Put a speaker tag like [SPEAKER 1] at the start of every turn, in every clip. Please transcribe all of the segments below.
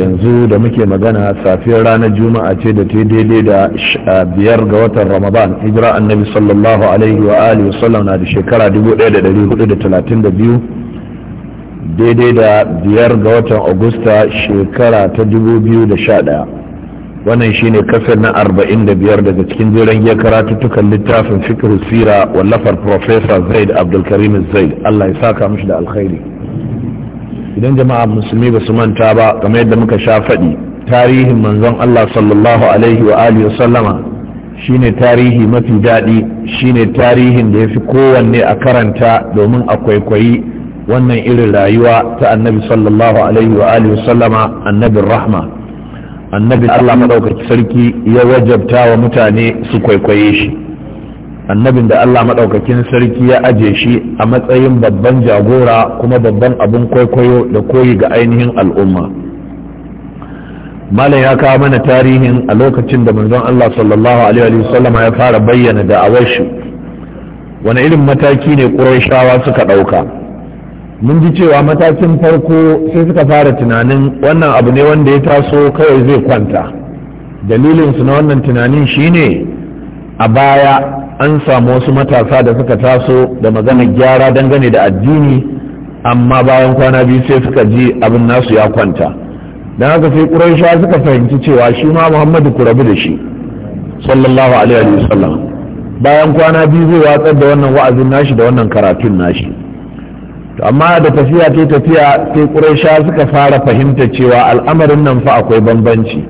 [SPEAKER 1] yanzu da muke magana safiyar ranar juma'a ce da ta daidai da biyar ga watan ramadan hijira annabi sallallahu alaihi wa alihi wasallam na da shekara 1432 daidai da biyar ga watan agusta shekara ta 2011 wannan shine kasar na 45 daga cikin jiran giyar karatuttukan littafin fikir sira wallafar professor zaid abdulkarim zaid allah ya saka mishi da alkhairi idan jama'a musulmi ba su manta ba kamar yadda muka sha faɗi tarihin manzon Allah sallallahu alaihi wa alihi wa sallama shine tarihi mafi daɗi shine tarihin da ya fi kowanne a karanta domin a kwaikwayi wannan irin rayuwa ta annabi sallallahu alaihi wa alihi wa sallama annabin rahma annabin Allah maɗaukaki sarki ya wajabta wa mutane su kwaikwaye shi annabin da Allah maɗaukakin sarki ya aje shi a matsayin babban jagora kuma babban abun kwaikwayo da koyi ga ainihin al'umma malam ya kawo mana tarihin a lokacin da manzon Allah sallallahu alaihi wasallama ya fara bayyana da shi wani irin mataki ne ƙurayshawa suka ɗauka mun ji cewa matakin farko sai suka fara tunanin wannan abu ne wanda ya taso kawai zai kwanta dalilinsu na wannan tunanin shine a baya an samu wasu matasa da suka taso da maganar gyara dangane da addini amma bayan kwana biyu sai suka ji abin nasu ya kwanta don haka sai ƙuraisha suka fahimci cewa shi ma muhammadu ku rabu da shi sallallahu alaihi wa sallam bayan kwana biyu zai watsar da wannan wa'azin nashi da wannan karatun nashi amma da tafiya ta tafiya sai ƙuraisha suka fara fahimta cewa al'amarin nan fa akwai bambanci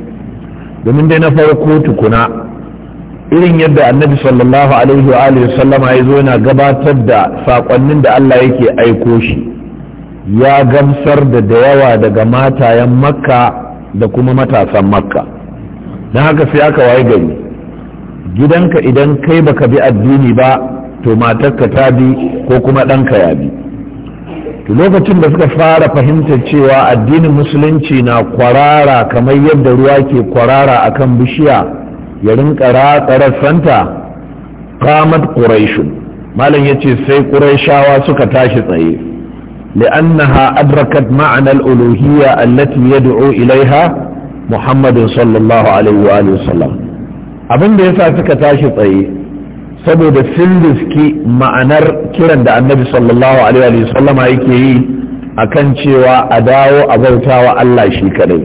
[SPEAKER 1] domin dai na farko tukuna irin yadda annabi sallallahu alaihi wa alihi sallama ya zo yana gabatar da sakonnin da Allah yake aiko shi ya gamsar da dayawa yawa daga matayen makka da kuma matasan makka don haka sai aka waye gari gidanka idan kai baka bi addini ba to matarka ta bi ko kuma ɗanka ya bi lokacin da suka fara fahimtar cewa addinin musulunci na kwarara kamar yadda ruwa ke kwarara akan bishiya ya rinka ratsa rassanta qamat quraishun malam yace sai ƙuraishawa suka tashi tsaye لأنها adrakat ma'anar الألوهية allati ya إليها ilaiha? صلى الله عليه وآله abin da yasa suka tashi tsaye saboda sun riski ma'anar kiran da annabi sallallahu alaihi wa sallama yake yi a kan cewa a dawo a bautawa Allah shi kadai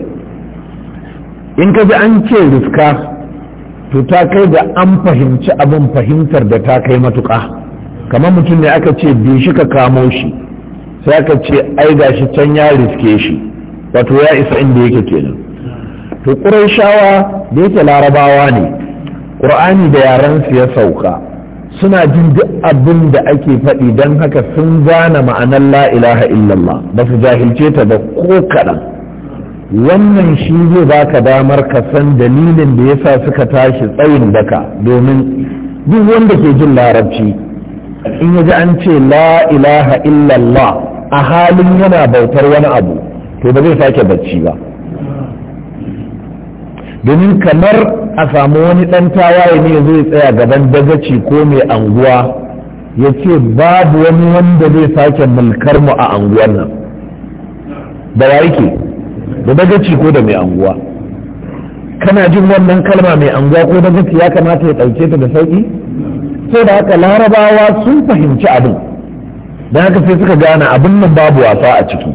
[SPEAKER 1] in ka ji an ce riska to ta kai da an fahimci abin fahimtar da ta kai matuƙa kamar mutum ne aka ce bi shi ka kamo shi sai aka ce ai gashi can ya riske shi wato ya isa inda yake kenan to ƙurai shawa da yake larabawa ne ƙur'ani da yaran su ya sauka suna jin duk abin da ake faɗi don haka sun gane ma'anar la ilaha illallah ba su jahilce ta ba ko kaɗan wannan shi zai baka damar ka san dalilin da ya sa suka tashi tsayin daka domin duk wanda ke jin larabci in ya ji an ce la ilaha illallah a halin yana bautar wani abu to ba zai sake bacci ba domin kamar a samu wani ɗan tawaye ne zai tsaya gaban dagaci ko mai anguwa ya ce babu wani wanda zai sake mulkar mu a anguwan nan da yake da dagaci ko da mai anguwa kana jin wannan kalma mai anguwa ko dagaci ya kamata ya ɗauke ta da sauƙi sai da haka larabawa sun fahimci abin don haka sai suka gane abin nan babu wasa a ciki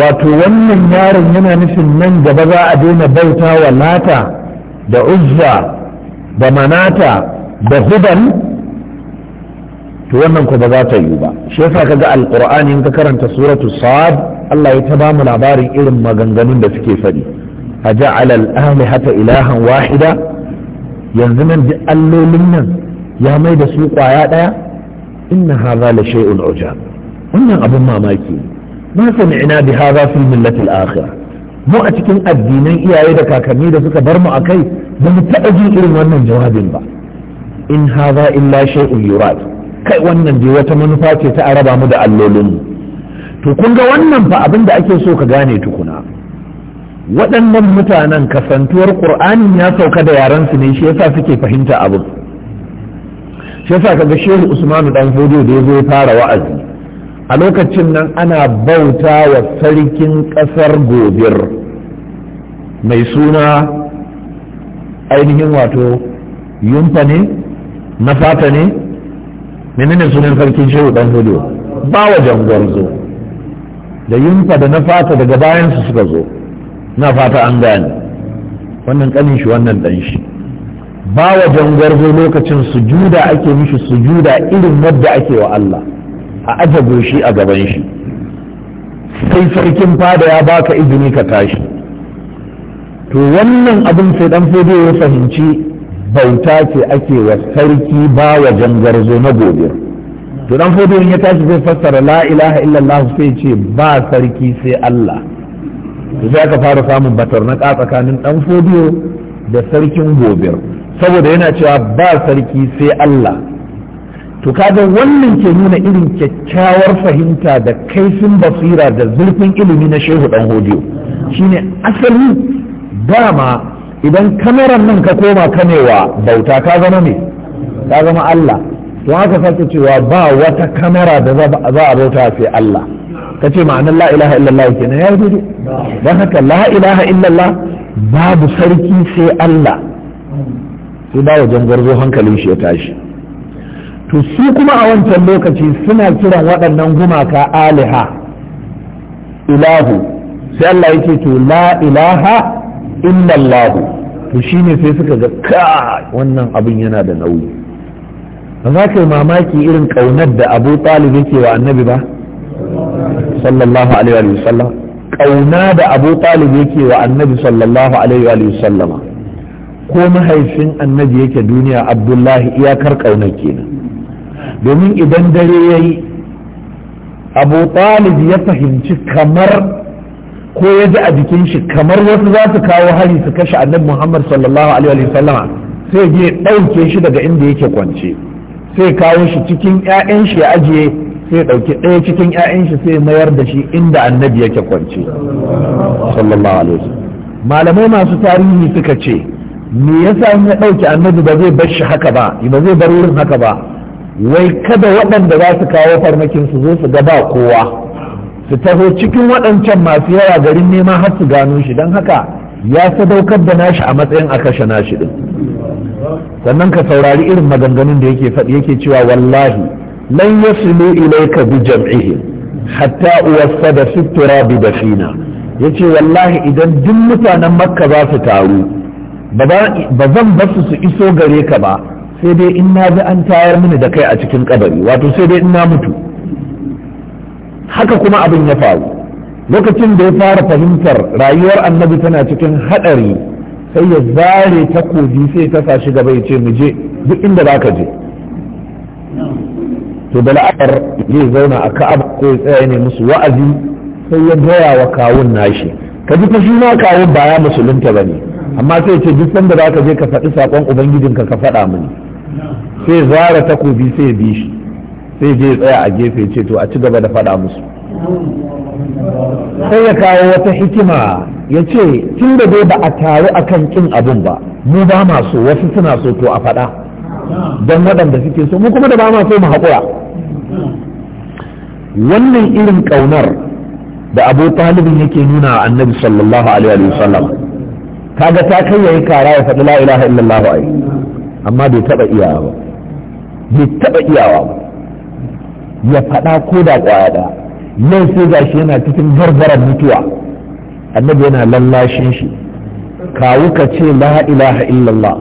[SPEAKER 1] wato wannan yaron yana nufin nan gaba za a daina bauta wa lata da uzza da manata da hudan to wannan ku ba za ta yi ba shi yasa kaga alqur'ani in ka karanta suratu sad Allah ya ta ba mu labarin irin maganganun da suke faɗi a ja'ala al hata ilahan wahida yanzu nan duk allolin nan ya mai da su kwaya ɗaya inna hadha la shay'un ujab wannan abin mamaki ma sami'na bi hadha fi millati al mu a cikin addinan iyaye da kakanni da suka bar mu akai ba mu taɓa jin irin wannan jawabin ba in hadha illa shay'un yurad kai wannan dai wata manufa ce ta araba mu da allolin mu to kun ga wannan fa abin da ake so ka gane tukuna waɗannan mutanen kasantuwar ƙur'anin ya sauka da yaran su ne shi yasa suke fahimta abu shi yasa kaga shehu usmanu dan hodo da ya fara wa'azi a lokacin nan ana bauta wa sarkin ƙasar gobir mai suna ainihin wato yumfa ne na fata ne menene sunan sarkin shehu dan hodo ba wajen gwarzo. da yunfa da na fata daga bayansu suka zo na fata an gane wannan kanin shi wannan dan shi ba wa jangwarzo lokacin sujuda ake mishi sujuda irin wadda ake wa Allah a aje goshi a gaban shi sai sarkin fada ya baka izini ka tashi to wannan abin sai dan fodiyo ya fahimci bauta ce ake wa sarki ba wa jangwarzo na gobe to dan fodo ya tashi zai fassara la ilaha illallah sai ce ba sarki sai Allah to sai aka fara samun batar na tsakanin dan fodo da sarkin gobir saboda yana cewa ba sarki sai Allah to kaga wannan ke nuna irin kyakkyawar fahimta da kaifin basira da zurfin ilimi na shehu dan hodiyo shine asali dama idan kamaran nan ka koma kanewa bauta ka zama ne ka zama Allah to haka sake cewa ba wata kamara da za a bauta sai Allah ka ce ma'anar la ilaha illallah na ya yi don haka la ilaha illallah babu sarki sai Allah sai ba wajen gwarzo hankalin shi ya tashi to su kuma a wancan lokaci suna kiran waɗannan gumaka aliha ilahu sai Allah yake to la ilaha illallah to shine sai suka ga ka wannan abin yana da nauyi ba za ka yi mamaki irin ƙaunar da abu talib yake wa annabi ba sallallahu alaihi wa sallam ƙauna da abu talib yake wa annabi sallallahu alaihi wa sallama ko mahaifin annabi yake duniya abdullahi iyakar ƙaunar kenan domin idan dare ya yi abu talib ya fahimci kamar ko ya ji a jikin shi kamar wasu za su kawo hari su kashe annabi muhammad sallallahu alaihi wa sallama sai ya ɗauke shi daga inda yake kwance. sai kawo shi cikin 'ya'yan shi ya ajiye sai ɗauki ɗaya cikin 'ya'yan shi sai mayar da shi inda annabi yake kwance sallallahu alaihi malamai masu tarihi suka ce me yasa in ya ɗauki annabi ba zai bar shi haka ba ba zai bar wurin haka ba wai kada waɗanda za su kawo farmakin su zo su ga ba kowa su taho cikin waɗancan masu yawa garin nema har su gano shi don haka ya sadaukar da nashi a matsayin a kashe nashi din sannan ka saurari irin maganganun da yake faɗi yake cewa wallahi lan yasilu ilayka bi jam'ihi hatta da fi turabi dafina yace wallahi idan duk mutanen makka za su taru ba zan ba su iso gare ka ba sai dai in na ji an tayar mini da kai a cikin kabari wato sai dai in na mutu haka kuma abin ya faru lokacin da ya fara fahimtar rayuwar annabi tana cikin haɗari sai ya zare takobi sai ta sa shi gaba ya ce mu je duk inda za ka je to da la'akar zai zauna a ka'aba ko ya tsaya ne musu wa'azi sai ya gaya wa kawun nashi ka ji fashi ma kawun ba ya musulunta ba ne amma sai ce duk sanda za ka je ka faɗi saƙon ubangijinka ka faɗa mini sai zare takobi sai ya bi shi sai je tsaya a gefe ce to a ci gaba da faɗa musu
[SPEAKER 2] sai ya kawo wata
[SPEAKER 1] hikima ya ce tun da dai ba a taru akan kin abun ba mu ba ma so wasu suna so to a faɗa don waɗanda suke so mu kuma da ba ma so mu haƙura wannan irin ƙaunar da abu talibin yake nuna a annabi sallallahu alaihi wa sallam kaga ta kai yayi kara ya faɗi la ilaha illallah ai amma bai taɓa iyawa ba bai taba iyawa ba ya faɗa ko da ƙwaya ɗaya nan sai gashi yana cikin gargaran mutuwa annabi yana lallashin shi kawu ka ce la ilaha illallah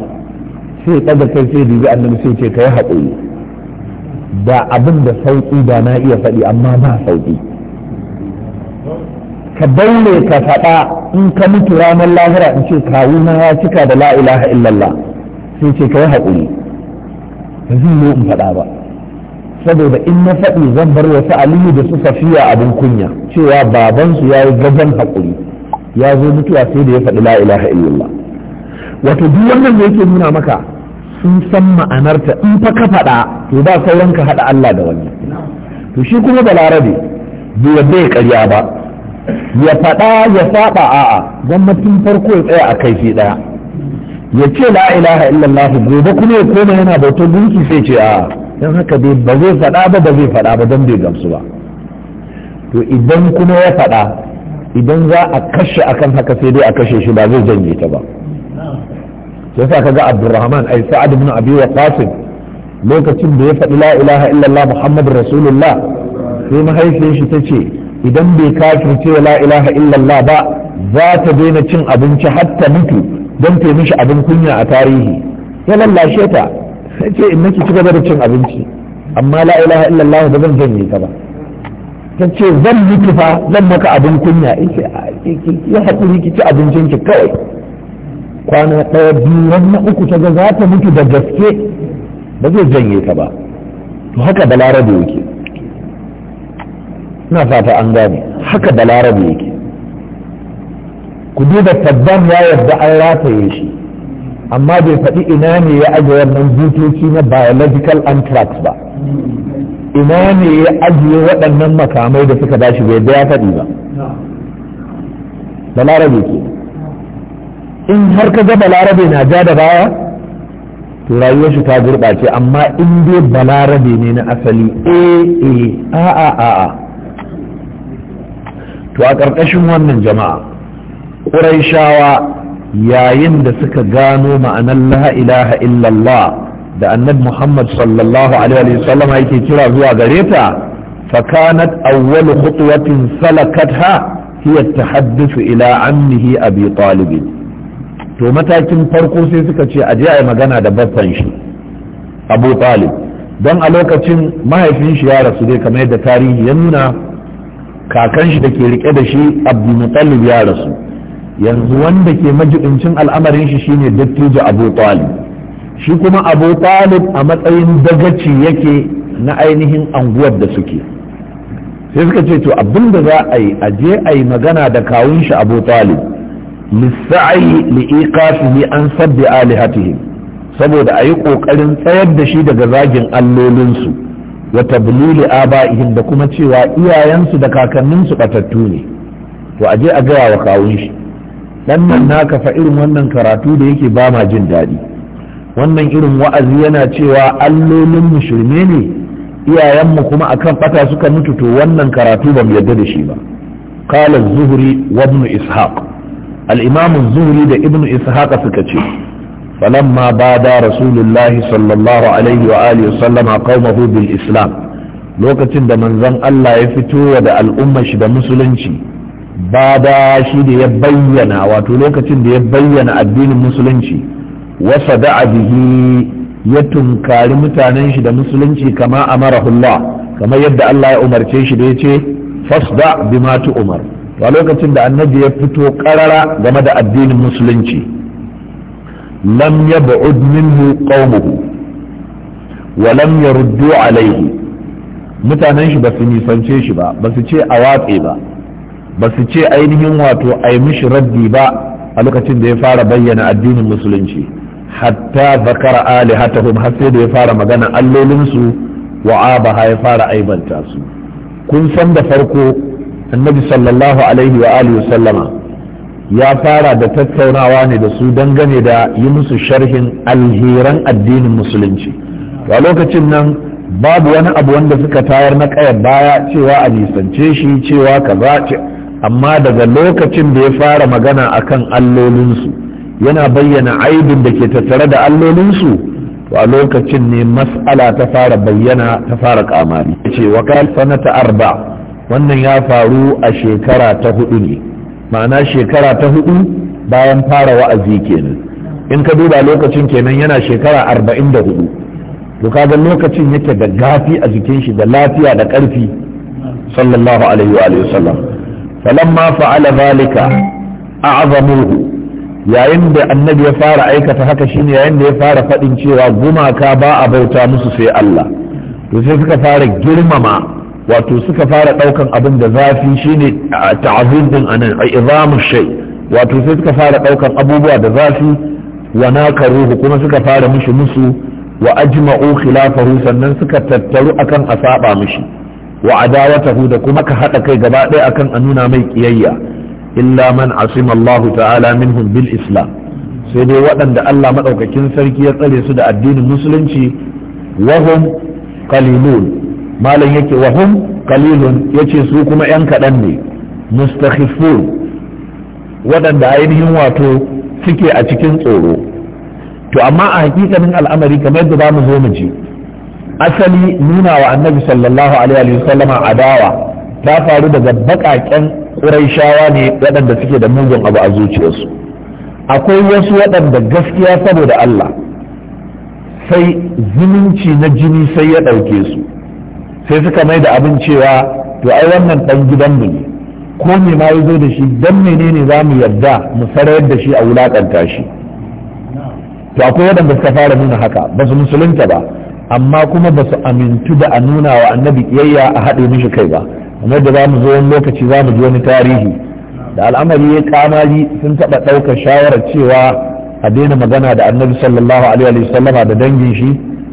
[SPEAKER 1] sai ɗaga kai sai dubi annabi sai ce kai haƙuri da abin da sauƙi da na iya faɗi amma ba sauƙi ka daure ka faɗa in ka mutu ranar lahira in ce kawu na ya cika da la ilaha illallah sai ce kai haƙuri ba zai yi in faɗa ba saboda in na faɗi zan bar wasu aliyu da su safiya abin kunya cewa babansu ya yi gaban haƙuri ya zo mutuwa sai da ya faɗi la ilaha illallah wato duk wannan da yake nuna maka sun san ma'anarta in fa ka faɗa to ba sauran ka haɗa Allah da wannan to shi kuma balarabe bai yadda ya karya ba ya faɗa ya saba a'a gwamnatin farko ya tsaya a kai shi ɗaya ya ce la ilaha illallah gobe kuma ya koma yana bautar gunki sai ce a'a dan haka dai ba zai faɗa ba ba zai faɗa ba don bai gamsu ba to idan kuma ya faɗa idan za a kashe akan haka sai dai a kashe shi ba zai janye ta ba sai sa kaga abdurrahman ai sa'ad ibn abi waqasim lokacin da ya faɗi la ilaha illallah muhammadur rasulullah sai mahaifiyar shi tace idan bai kafirce la ilaha illallah ba za ta daina cin abinci hatta mutu don ta mishi abin kunya a tarihi ya lallashe ta sai ce in nake ci gaba da cin abinci amma la ilaha illallah ba zan janye ka ba ta ce zan miki fa zan maka abin kunya yace ah, ya hakuri ki ci abincin ki kawai kwana ɗaya biyu wannan uku ta ga za ta mutu da gaske ba zai janye ka ba to haka balarabe yake ina fata an gane haka balarabe yake ku duba tabban ya yarda an rataye shi amma bai faɗi ina ne ya ajiye wannan butoci na biological anthrax ba ina ne ya ajiye waɗannan makamai da suka dashi bai da ya faɗi ba balarabe ke in har ka ga balarabe na ja da baya to rayuwar shi ta gurɓace amma in dai balarabe ne na asali a a a a to a ƙarƙashin wannan jama'a shawa yayin da suka gano ma'anar la ilaha illallah da annab muhammad sallallahu alaihi wasallama yake kira zuwa gare ta fakanat awwalu khutwatin salakatha hiya tahaddathu ila ammihi abi talib to matakin farko sai suka ce a je magana da babban shi abu talib don a lokacin mahaifin shi ya rasu dai kamar yadda tarihi ya nuna kakan shi da ke rike da shi abdulmutallib ya rasu yanzu wanda ke majiɗincin al'amarin shi shine dattijo abu talib shi kuma abu talib a matsayin dagaci yake na ainihin anguwar da suke sai suka ce to abin da za a yi a je a yi magana da kawun shi abu talib lissa'ayi ne an sabbi alihatihim saboda a yi ƙoƙarin tsayar da shi daga zagin allolinsu wa tablili aba'ihim da kuma cewa iyayensu da kakanninsu batattu ne to a je a gaya wa kawun shi dan nan naka fa irin wannan karatu da yake ba ma jin daɗi wannan irin wa'azi yana cewa allolin mu ne iyayenmu kuma akan bata suka mutu to wannan karatu ba mu yarda da shi ba qala zuhri wa ibn ishaq al-imam zuhri da ibn ishaq suka ce falamma bada rasulullahi sallallahu alaihi wa alihi sallama qaumahu bil islam lokacin da manzon Allah ya fito da al'ummar shi da musulunci da shi da ya bayyana wato lokacin da ya bayyana addinin musulunci wasa da'a abihi ya tunkari mutanen shi da musulunci kama amarahullah kamar yadda Allah ya umarce shi da ya ce fasda bi tu umar a lokacin da annabi ya fito karara game da addinin musulunci lam ba'ud minhu qaumuhu wa lam yaruddu alaihi mutanen shi ba su nisance shi ba ba su ce a watse ba ba su ce ainihin wato ai mishi raddi ba a lokacin da ya fara bayyana addinin musulunci hatta zakara hatta har sai da ya fara magana allolinsu wa abaha ya fara aibanta su kun san da farko annabi sallallahu alaihi wa alihi sallama ya fara da tattaunawa ne da su dangane da yi musu sharhin alheran addinin musulunci a lokacin nan babu wani abu wanda suka tayar na kayar baya cewa a nisance shi cewa kaza amma daga lokacin da ya fara magana a kan allolinsu yana bayyana aibin da ke tattare da allolinsu to a lokacin ne mas'ala ta fara bayyana ta fara kamari ce sanata arba wannan ya faru a shekara ta hudu ne ma'ana shekara ta hudu bayan fara wa'azi kenan in ka duba lokacin kenan yana shekara arba'in da hudu to kaga lokacin yake da gafi a jikin shi da lafiya da ƙarfi sallallahu alaihi wa sallam falamma fa'ala zalika a'zamuhu yayin da annabi ya fara aikata haka shine yayin da ya fara faɗin cewa gumaka ba a bauta musu sai Allah to sai suka fara girmama wato suka fara ɗaukan abin da zafi shine ta'azim din anan izamu shay wato sai suka fara ɗaukan abubuwa da zafi wa nakaruhu kuma suka fara mishi musu wa ajma'u khilafahu sannan suka tattaru akan a asaba mishi wa adawatahu da kuma ka haɗa kai gaba ɗaya akan a nuna mai kiyayya illa man asimallahu ta'ala minhum bil islam sai dai waɗanda Allah maɗaukakin sarki ya tsare su da addinin musulunci wahum qalilun malam yake wahum qalilun yace su kuma yan kaɗan ne mustakhifun waɗanda ainihin wato suke a cikin tsoro to amma a hakikanin al'amari kamar da zamu mu zo mu ji asali nuna wa annabi sallallahu alaihi wasallama adawa ta faru daga baƙaƙen ƙuraishawa ne waɗanda suke da mugun abu a zuciyarsu akwai wasu waɗanda gaskiya saboda Allah sai zumunci na jini sai ya ɗauke su sai suka mai da abin cewa to ai wannan ɗan gidanmu ne ko me ma ya zo da shi dan menene za mu yarda mu sarayar da shi a wulaƙanta shi to akwai waɗanda suka fara nuna haka ba su musulunta ba amma kuma ba su amintu da a nuna wa annabi kiyayya a haɗe mishi kai ba kamar da za mu zo wani lokaci za mu ji wani tarihi da al'amari ya kamari sun taɓa ɗaukar shawarar cewa a daina magana da annabi sallallahu alaihi sallama da dangin shi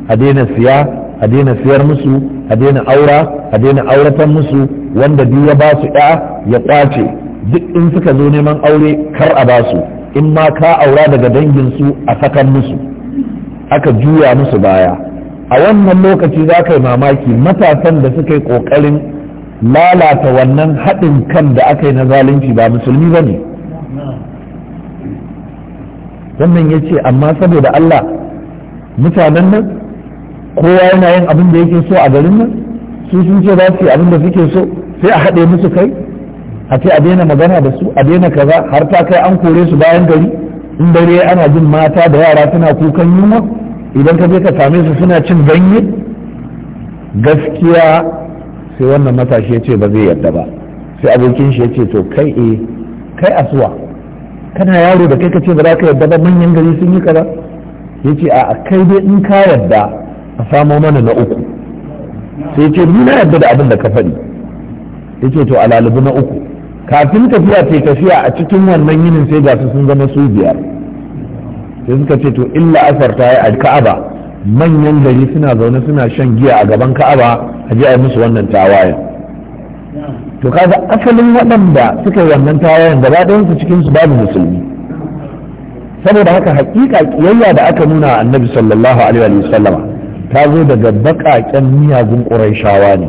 [SPEAKER 1] a daina siya a daina siyar musu a daina aura a daina auratan musu wanda duk ya ba su ɗa ya ƙwace duk in suka zo neman aure kar a ba su in ma ka aura daga dangin su a sakan musu aka juya musu baya a wannan lokaci za ka yi mamaki matasan da suka yi ƙoƙarin lalata wannan haɗin kan da aka yi na zalunci ba musulmi ba ne wannan ya ce amma saboda Allah mutanen nan kowa yana yin abin da yake so a garin nan su sun ce za su yi abin da suke so sai a haɗe musu kai a ce a daina magana da su a daina kaza har ta kai an kore su bayan gari in dare ana jin mata da yara suna kukan yunwa idan ka je ka same su suna cin ganye gaskiya sai wannan matashi ya ce ba zai yadda ba sai abokin shi ya ce to kai e kai asuwa kana yaro da kai ka ce ba za ka yadda ba manyan gari sun yi kaza ya ce a kai dai in ka yadda a samo mana na uku sai ya ce ni na yadda da abin da ka faɗi ya ce to a lalubu na uku kafin tafiya ce tafiya a cikin wannan yinin sai ga su sun zama su biyar sai suka ce to illa asar ta yi a ka'aba manyan gari suna zaune suna shan giya a gaban ka'aba a ji a yi musu wannan tawayen to kaga asalin waɗanda suka yi wannan tawayen gaba ɗayan su cikin su babu musulmi saboda haka hakika kiyayya da aka nuna annabi sallallahu alaihi wa sallama ta zo daga baƙaƙen miyagun ƙurayshawa ne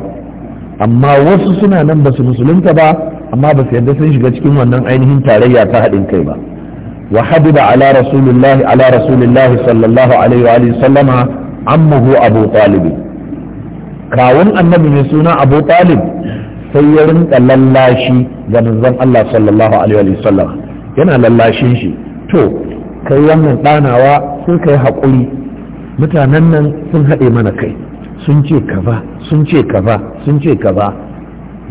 [SPEAKER 1] amma wasu suna nan ba su musulunta ba amma ba su yarda sun shiga cikin wannan ainihin tarayya ta haɗin kai ba وحبب على رسول الله على رسول الله صلى الله عليه وآله وسلم عمه أبو طالب كاون النبي من أبو طالب سيرن للاشي جنزم الله صلى الله عليه وآله وسلم yana lallashin shi to kai wannan ɗanawa sai kai haƙuri mutanen nan sun haɗe mana kai sun ce kaza sun ce kaza sun ce kaza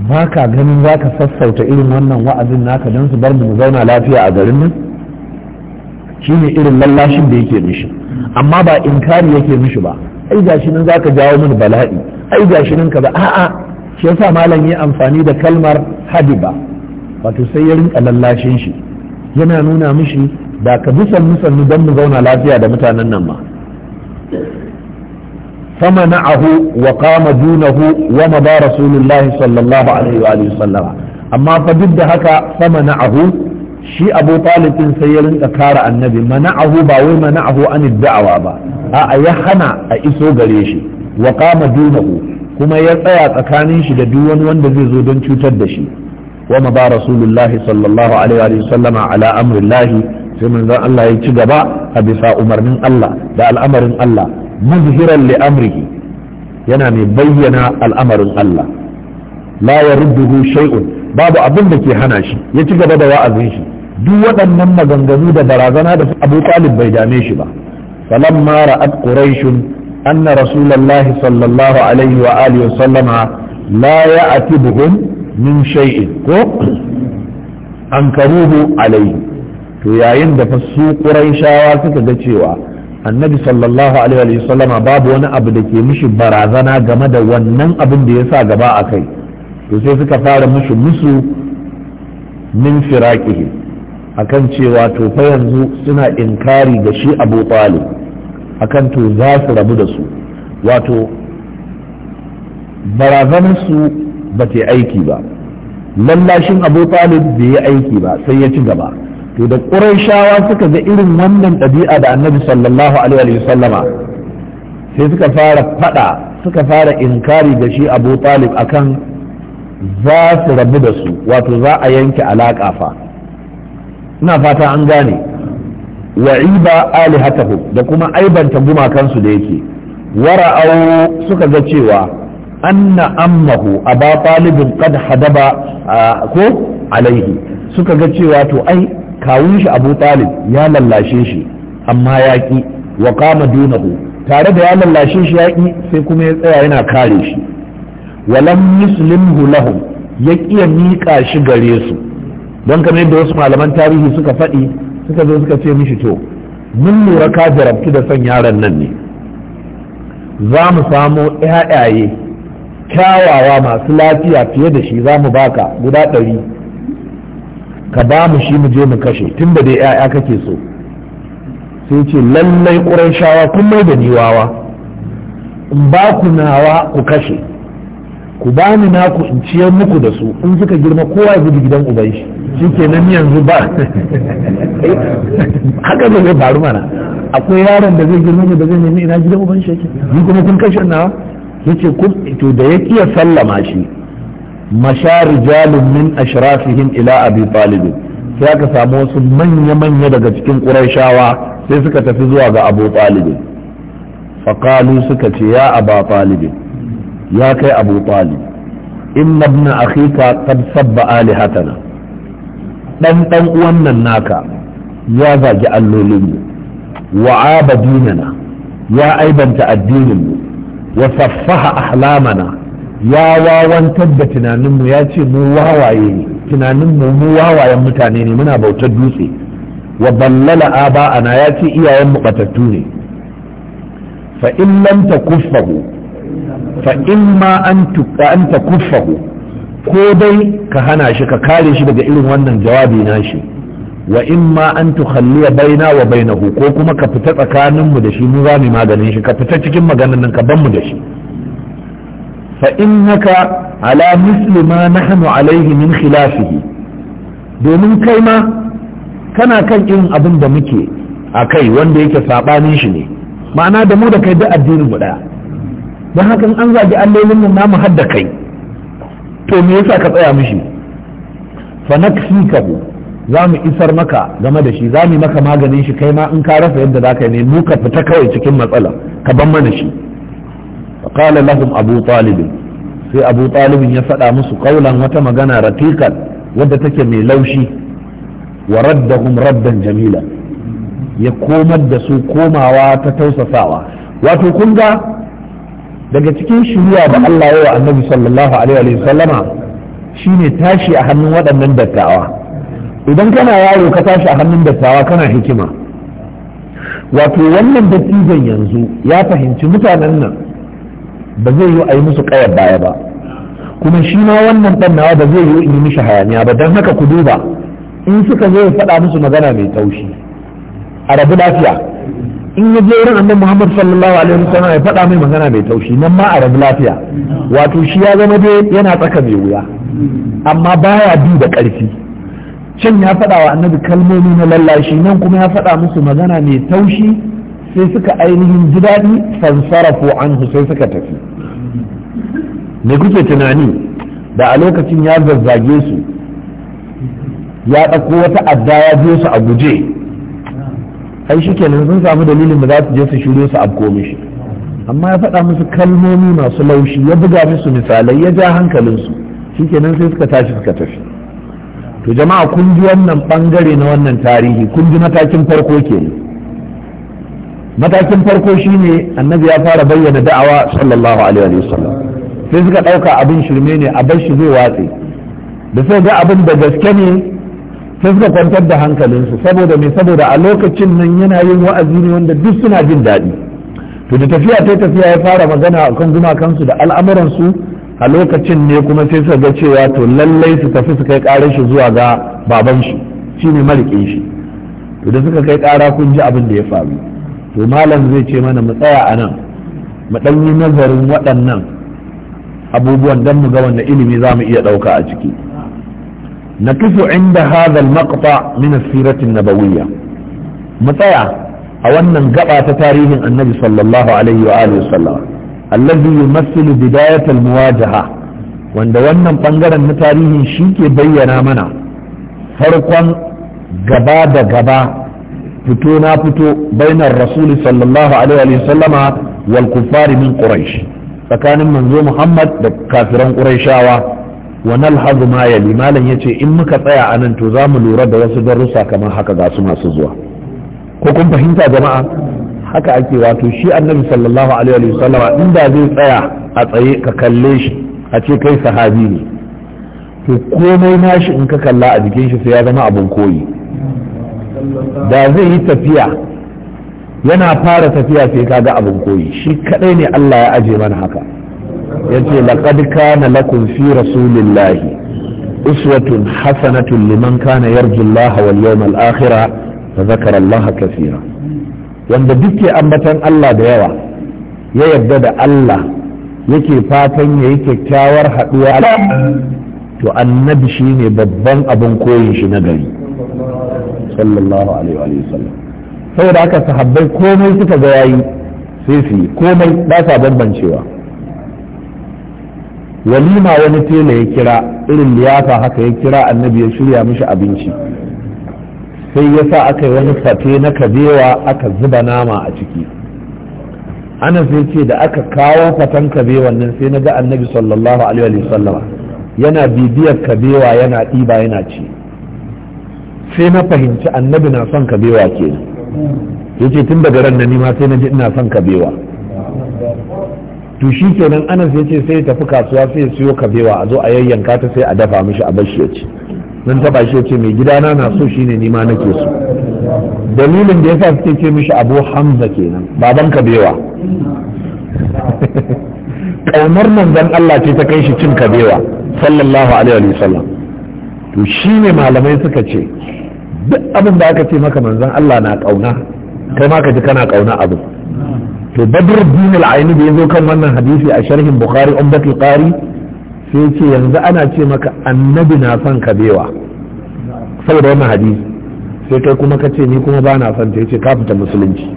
[SPEAKER 1] ba ka ganin za ka sassauta irin wannan wa'azin naka don su bar mu zauna lafiya a garin nan shine irin lallashin da yake mishi amma ba inkari yake mishi ba ai shi nan zaka jawo mini bala'i ai shi nan kaza a'a shi yasa malam ya amfani da kalmar hadiba wato sai ya rinka lallashin shi yana nuna mishi da ka musan musan don mu zauna lafiya da mutanen nan ma wa وقام دونه sallallahu alaihi wa صلى الله عليه وآله وسلم أما فجد هكا فمنعه shi abu talibin sai ya rinka kara annabi mana'ahu ba wai mana'ahu an da'awa ba a ya hana a iso gare shi wa qama dunahu kuma ya tsaya tsakanin shi da duk wani wanda zai zo don cutar da shi wa ma ba rasulullahi sallallahu alaihi wa sallama ala amrillahi sai manzon Allah ya ci gaba a bisa umarnin Allah da al'amarin Allah muzhiran li amrihi yana mai bayyana al'amarin Allah la yarudduhu shay'un babu abin da ke hana shi ya ci gaba da wa'azin shi duk waɗannan maganganu da barazana da abu talib bai dame shi ba falamma ra'at quraishun anna rasulullahi sallallahu alaihi wa alihi wa sallama la ya'tibuhum min shay'in ko ankaruhu alaihi to yayin da fa su quraishawa suka ga cewa annabi sallallahu alaihi wa sallama babu wani abu da ke mishi barazana game da wannan abin da ya sa gaba a kai to sai suka fara mishi musu min firaqihi akan cewa to fa yanzu suna inkari ga shi abu talib akan to za su rabu da su wato barazanarsu ba ta aiki ba lallashin abu talib bai yi aiki ba sai ya ci gaba to da ƙurayshawa suka ga irin wannan ɗabi'a da annabi sallallahu alaihi sallama sai suka fara fada suka fara inkari ga shi abu talib akan za su rabu da su wato za a yanke alaƙa fa ina fata an gane wa'iba alihatahu da kuma aibanta gumakansu da yake wara'au suka ga cewa anna ammahu aba talibin qad hadaba ko alaihi suka ga cewa to ai kawun shi abu talib ya lallashe shi amma ya ki wa kama dunahu tare da ya lallashe shi ya sai kuma ya tsaya yana kare shi walam yuslimhu lahum ya ƙiya miƙa shi gare su don kamar yadda wasu malaman tarihi suka faɗi suka zo suka ce mishi to mun lura ka jarabtu da son yaron nan ne za mu samo ƴaƴaye kyawawa masu lafiya fiye da shi za mu baka guda ɗari ka ba mu shi mu je mu kashe tun da dai ƴaƴa kake so sai ce lallai ƙurai shawa kun mai da niwawa in ba ku nawa ku kashe ku ba ni naku in ciyar muku da su in suka girma kowa ya gudu gidan uban shi ke nan yanzu ba haka da zai faru mana akwai yaron da zai girma da zai nemi ina gidan uban shi yake ni kuma kun kashe nawa yace kun to da ya kiya sallama shi mashar jalun min ashrafihim ila abi talib sai aka samu wasu manya manya daga cikin ƙurashawa sai suka tafi zuwa ga abu talib faqalu suka ce ya aba talib ya kai abu talib na ibn akhika qad sabba alihatana dan dan uwan nan naka ya zagi allolinmu wa aba dinana ya aibanta addininmu Wasaffaha saffaha ahlamana ya wawantar da tunaninmu ya ce mu wawaye tunaninmu mu wawayen mutane ne muna bautar dutse wa ballala aba'ana ya ce iyayenmu batattu ne fa in lam takuffahu fa imma an tuqa an ko dai ka hana shi ka kare shi daga irin wannan jawabi na shi wa imma an tukhalliya baina wa bainahu ko kuma ka fita tsakanin mu da shi mu zamu maganin shi ka fita cikin maganin nan ka ban mu da shi fa innaka ala misli ma nahnu alaihi min khilafihi domin kai ma kana kan irin abin da muke a kai wanda yake sabanin shi ne ma'ana da mu da kai duk addinin mu daya don haka in an zagi allolin mu namu hadda kai to me yasa ka tsaya mishi fa naksikahu za mu isar maka game da shi za mu maka maganin shi kai ma in ka rasa yadda za ka yi ne mu ka fita kawai cikin matsala ka ban mana shi qala lahum abu talib sai abu talib ya faɗa musu qaulan wata magana ratiqan wadda take mai laushi wa raddahum raddan jamila ya komar da su komawa ta tausasawa wato kun ga daga cikin shirya da Allah ya wa annabi sallallahu alaihi wa sallama shine tashi a hannun waɗannan dattawa idan kana yaro ka tashi a hannun dattawa kana hikima wato wannan dattijan yanzu ya fahimci mutanen nan ba zai yi a yi musu ƙayar baya ba kuma shi ma wannan ɗan nawa ba zai yi in yi mishi hayaniya ba don haka ku duba in suka zo ya faɗa musu magana mai taushi a rabu lafiya in ya je wurin annabi Muhammad sallallahu alaihi wasallam ya faɗa mai magana mai taushi nan ma a rabu lafiya wato shi ya zama dai yana tsaka mai wuya amma baya bi da ƙarfi can ya faɗa wa annabi kalmomi na lallashi nan kuma ya faɗa musu magana mai taushi sai suka ainihin ji daɗi fansarafu anhu sai suka tafi me kuke tunani da a lokacin ya zazzage su ya ɗauko wata adda ya je su a guje ai shi kenan sun samu dalilin da za su je su shiryo su abko mishi amma ya faɗa musu kalmomi masu laushi ya buga musu misalai ya ja hankalinsu shi kenan sai suka tashi suka tafi to jama'a kun ji wannan bangare na wannan tarihi kun ji matakin farko kenan matakin farko shi ne annabi ya fara bayyana da'awa sallallahu alaihi sallam. sai suka ɗauka abin shirme ne a bar shi zai watse da sai ga abin da gaske ne sai suka kwantar da hankalinsu saboda mai saboda a lokacin nan yana yin wa'azi ne wanda duk suna jin daɗi to da tafiya ta tafiya ya fara magana a kan gumakansu da al'amuransu a lokacin ne kuma sai suka ga cewa to lallai su tafi su kai ƙarar shi zuwa ga baban shi shi ne mariƙin shi to da suka kai ƙara kun ji abin da ya faru to malam zai ce mana mu tsaya a nan mu ɗan yi nazarin waɗannan abubuwan don mu ga wanda ilimi za mu iya ɗauka a ciki نقف عند هذا المقطع من السيرة النبوية مطيع أولا قطع تاريخ النبي صلى الله عليه وآله وسلم الذي يمثل بداية المواجهة وأن دوانا بانجرا نتاريه شيكي بينا منا فرقا قبا قبا فتونا فتو بين الرسول صلى الله عليه وسلم والكفار من قريش فكان منذ محمد كافرا قريشاوا wa nalhazu ma yali malam ce in muka tsaya a nan to za mu lura da wasu darussa kamar haka ga su masu zuwa ko kun fahimta jama'a haka ake wato shi annabi sallallahu alaihi wa in da zai tsaya a tsaye ka kalle shi a ce kai sahabi ne to komai nashi in ka kalla a jikin shi sai ya zama abin koyi da zai yi tafiya yana fara tafiya sai kaga abin koyi shi kadai ne Allah ya aje mana haka yace laqad kana lakum fi rasulillahi uswatun hasanatun liman kana yarju Allah wal yawmal akhir wa zakara Allah kaseera wanda duke ambatan Allah da yawa ya yarda da Allah yake fatan yayi kyakkyawar haduwa to annabi shine babban abin koyin shi na gari sallallahu alaihi wa sallam saboda haka sahabbai komai suka ga yayi sai komai ba sa bambancewa walima wani tela ya kira irin liyafa haka ya kira annabi ya shirya mishi abinci sai ya sa aka yi wani fate na kabewa aka zuba nama a ciki ana sai ce da aka kawo fatan kabewan nan sai na ga annabi sallallahu alaihi wasallama yana bibiyar kabewa yana ɗiba yana ci sai na fahimci annabi na son kabewa ke yace tun daga ran na ma sai na ji ina son kabewa to shi kenan anas ya ce sai ya tafi kasuwa sai ya siyo kabewa a zo a yayyanka ta sai a dafa mishi a bashi ya ci nan ta bashi ya ce mai gidana na so shine ni ma nake so dalilin da yasa suke ce mishi abu hamza kenan baban kabewa kaunar manzon Allah ce ta kai shi cin kabewa sallallahu alaihi wa sallam to ne malamai suka ce duk abin da aka ce maka manzon Allah na kauna kai ma ka ji kana kauna abu to badr din al-aini da yazo kan wannan hadisi a sharhin bukhari umdatul qari sai yace yanzu ana ce maka annabi na son kabewa saboda wannan hadisi sai kai kuma kace ni kuma ba na son ta yace ka fita musulunci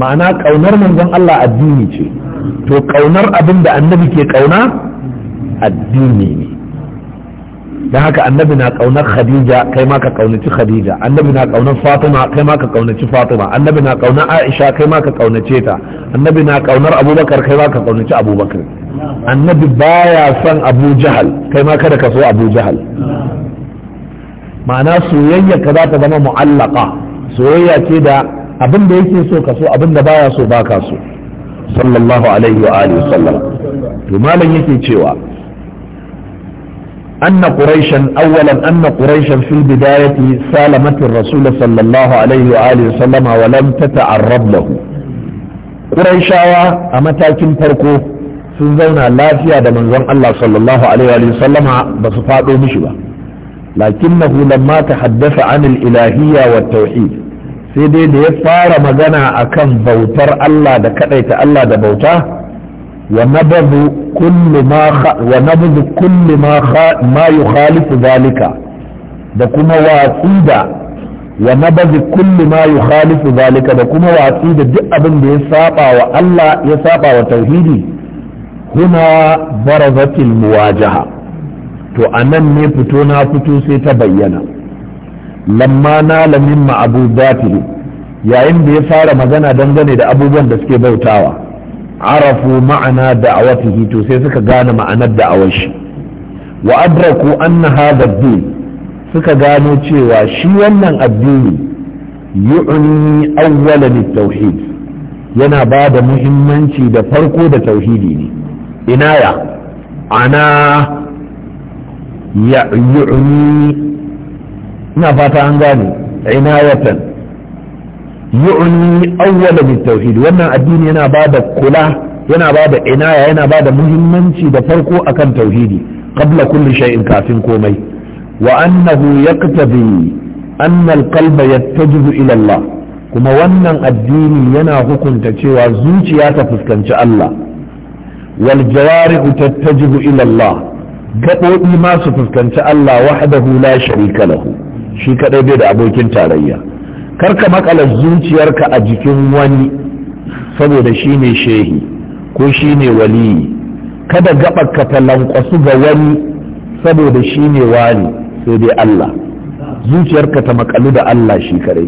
[SPEAKER 1] ma'ana kaunar manzon Allah addini ce to kaunar abin da annabi ke kauna addini ne dan haka annabi na kaunar khadija kai ma ka kaunaci khadija annabi na kaunar fatima kai ma ka kaunaci fatima annabi na kaunar aisha kai ma ka kaunace ta annabi na kaunar abubakar kai ma ka kaunaci abubakar annabi baya son abu jahal kai ma kada ka so abu jahal ma'ana soyayya ka za ta zama mu'allaka soyayya ce da abin da yake so ka so abin da baya so baka so sallallahu alaihi wa alihi sallam to malam yake cewa أن قريشا أولا أن قريشا في البداية سالمت الرسول صلى الله عليه وآله وسلم ولم تتعرض له قريشا أما تاكين فرقه سنزونا لا فيها من زن الله صلى الله عليه وآله وسلم بصفاته مشبه لكنه لما تحدث عن الإلهية والتوحيد sai dai da ya fara magana akan bautar Allah da kaɗaita Allah da bauta ونبذ كل ما خ... ونبذ كل ما خ... ما يخالف ذلك da kuma watsi da wa nabazi kulli ma yukhalifu zalika da kuma watsi da duk abin da ya saba wa Allah ya saba wa tauhidi huna barazatil muwajaha to anan ne fito na fito sai ta bayyana lamma na lamin ma'abudatil yayin da ya fara magana dangane da abubuwan da suke bautawa arafu ma'ana da'awatihi to sai suka gane ma'anar da'awar shi wa adraku anna hadha ad-din suka gano cewa shi wannan addini yu'ni awwalan at-tauhid yana ba da muhimmanci da farko da tauhidi ne inaya ana ya yu'ni ina fata an gane inayatan yu'ni awwala min tauhid wannan addini yana ba kula yana bada inaya yana ba da muhimmanci da farko akan tauhidi qabla kulli shay'in kafin komai wa annahu yaqtadi anna al-qalba yattajihu ila kuma wannan addini yana hukunta cewa zuciya ta fuskanci Allah wal jawarihu tattajihu ila Allah gaɓoɓi ma su fuskanci Allah wahdahu la sharika lahu shi kaɗai bai da abokin tarayya karka makala zuciyarka a jikin wani saboda shi ne shehi ko shi ne waliyi kada ka talankwasu ga wani saboda shi ne wani sai dai Allah zuciyarka ta makalu da Allah shi kare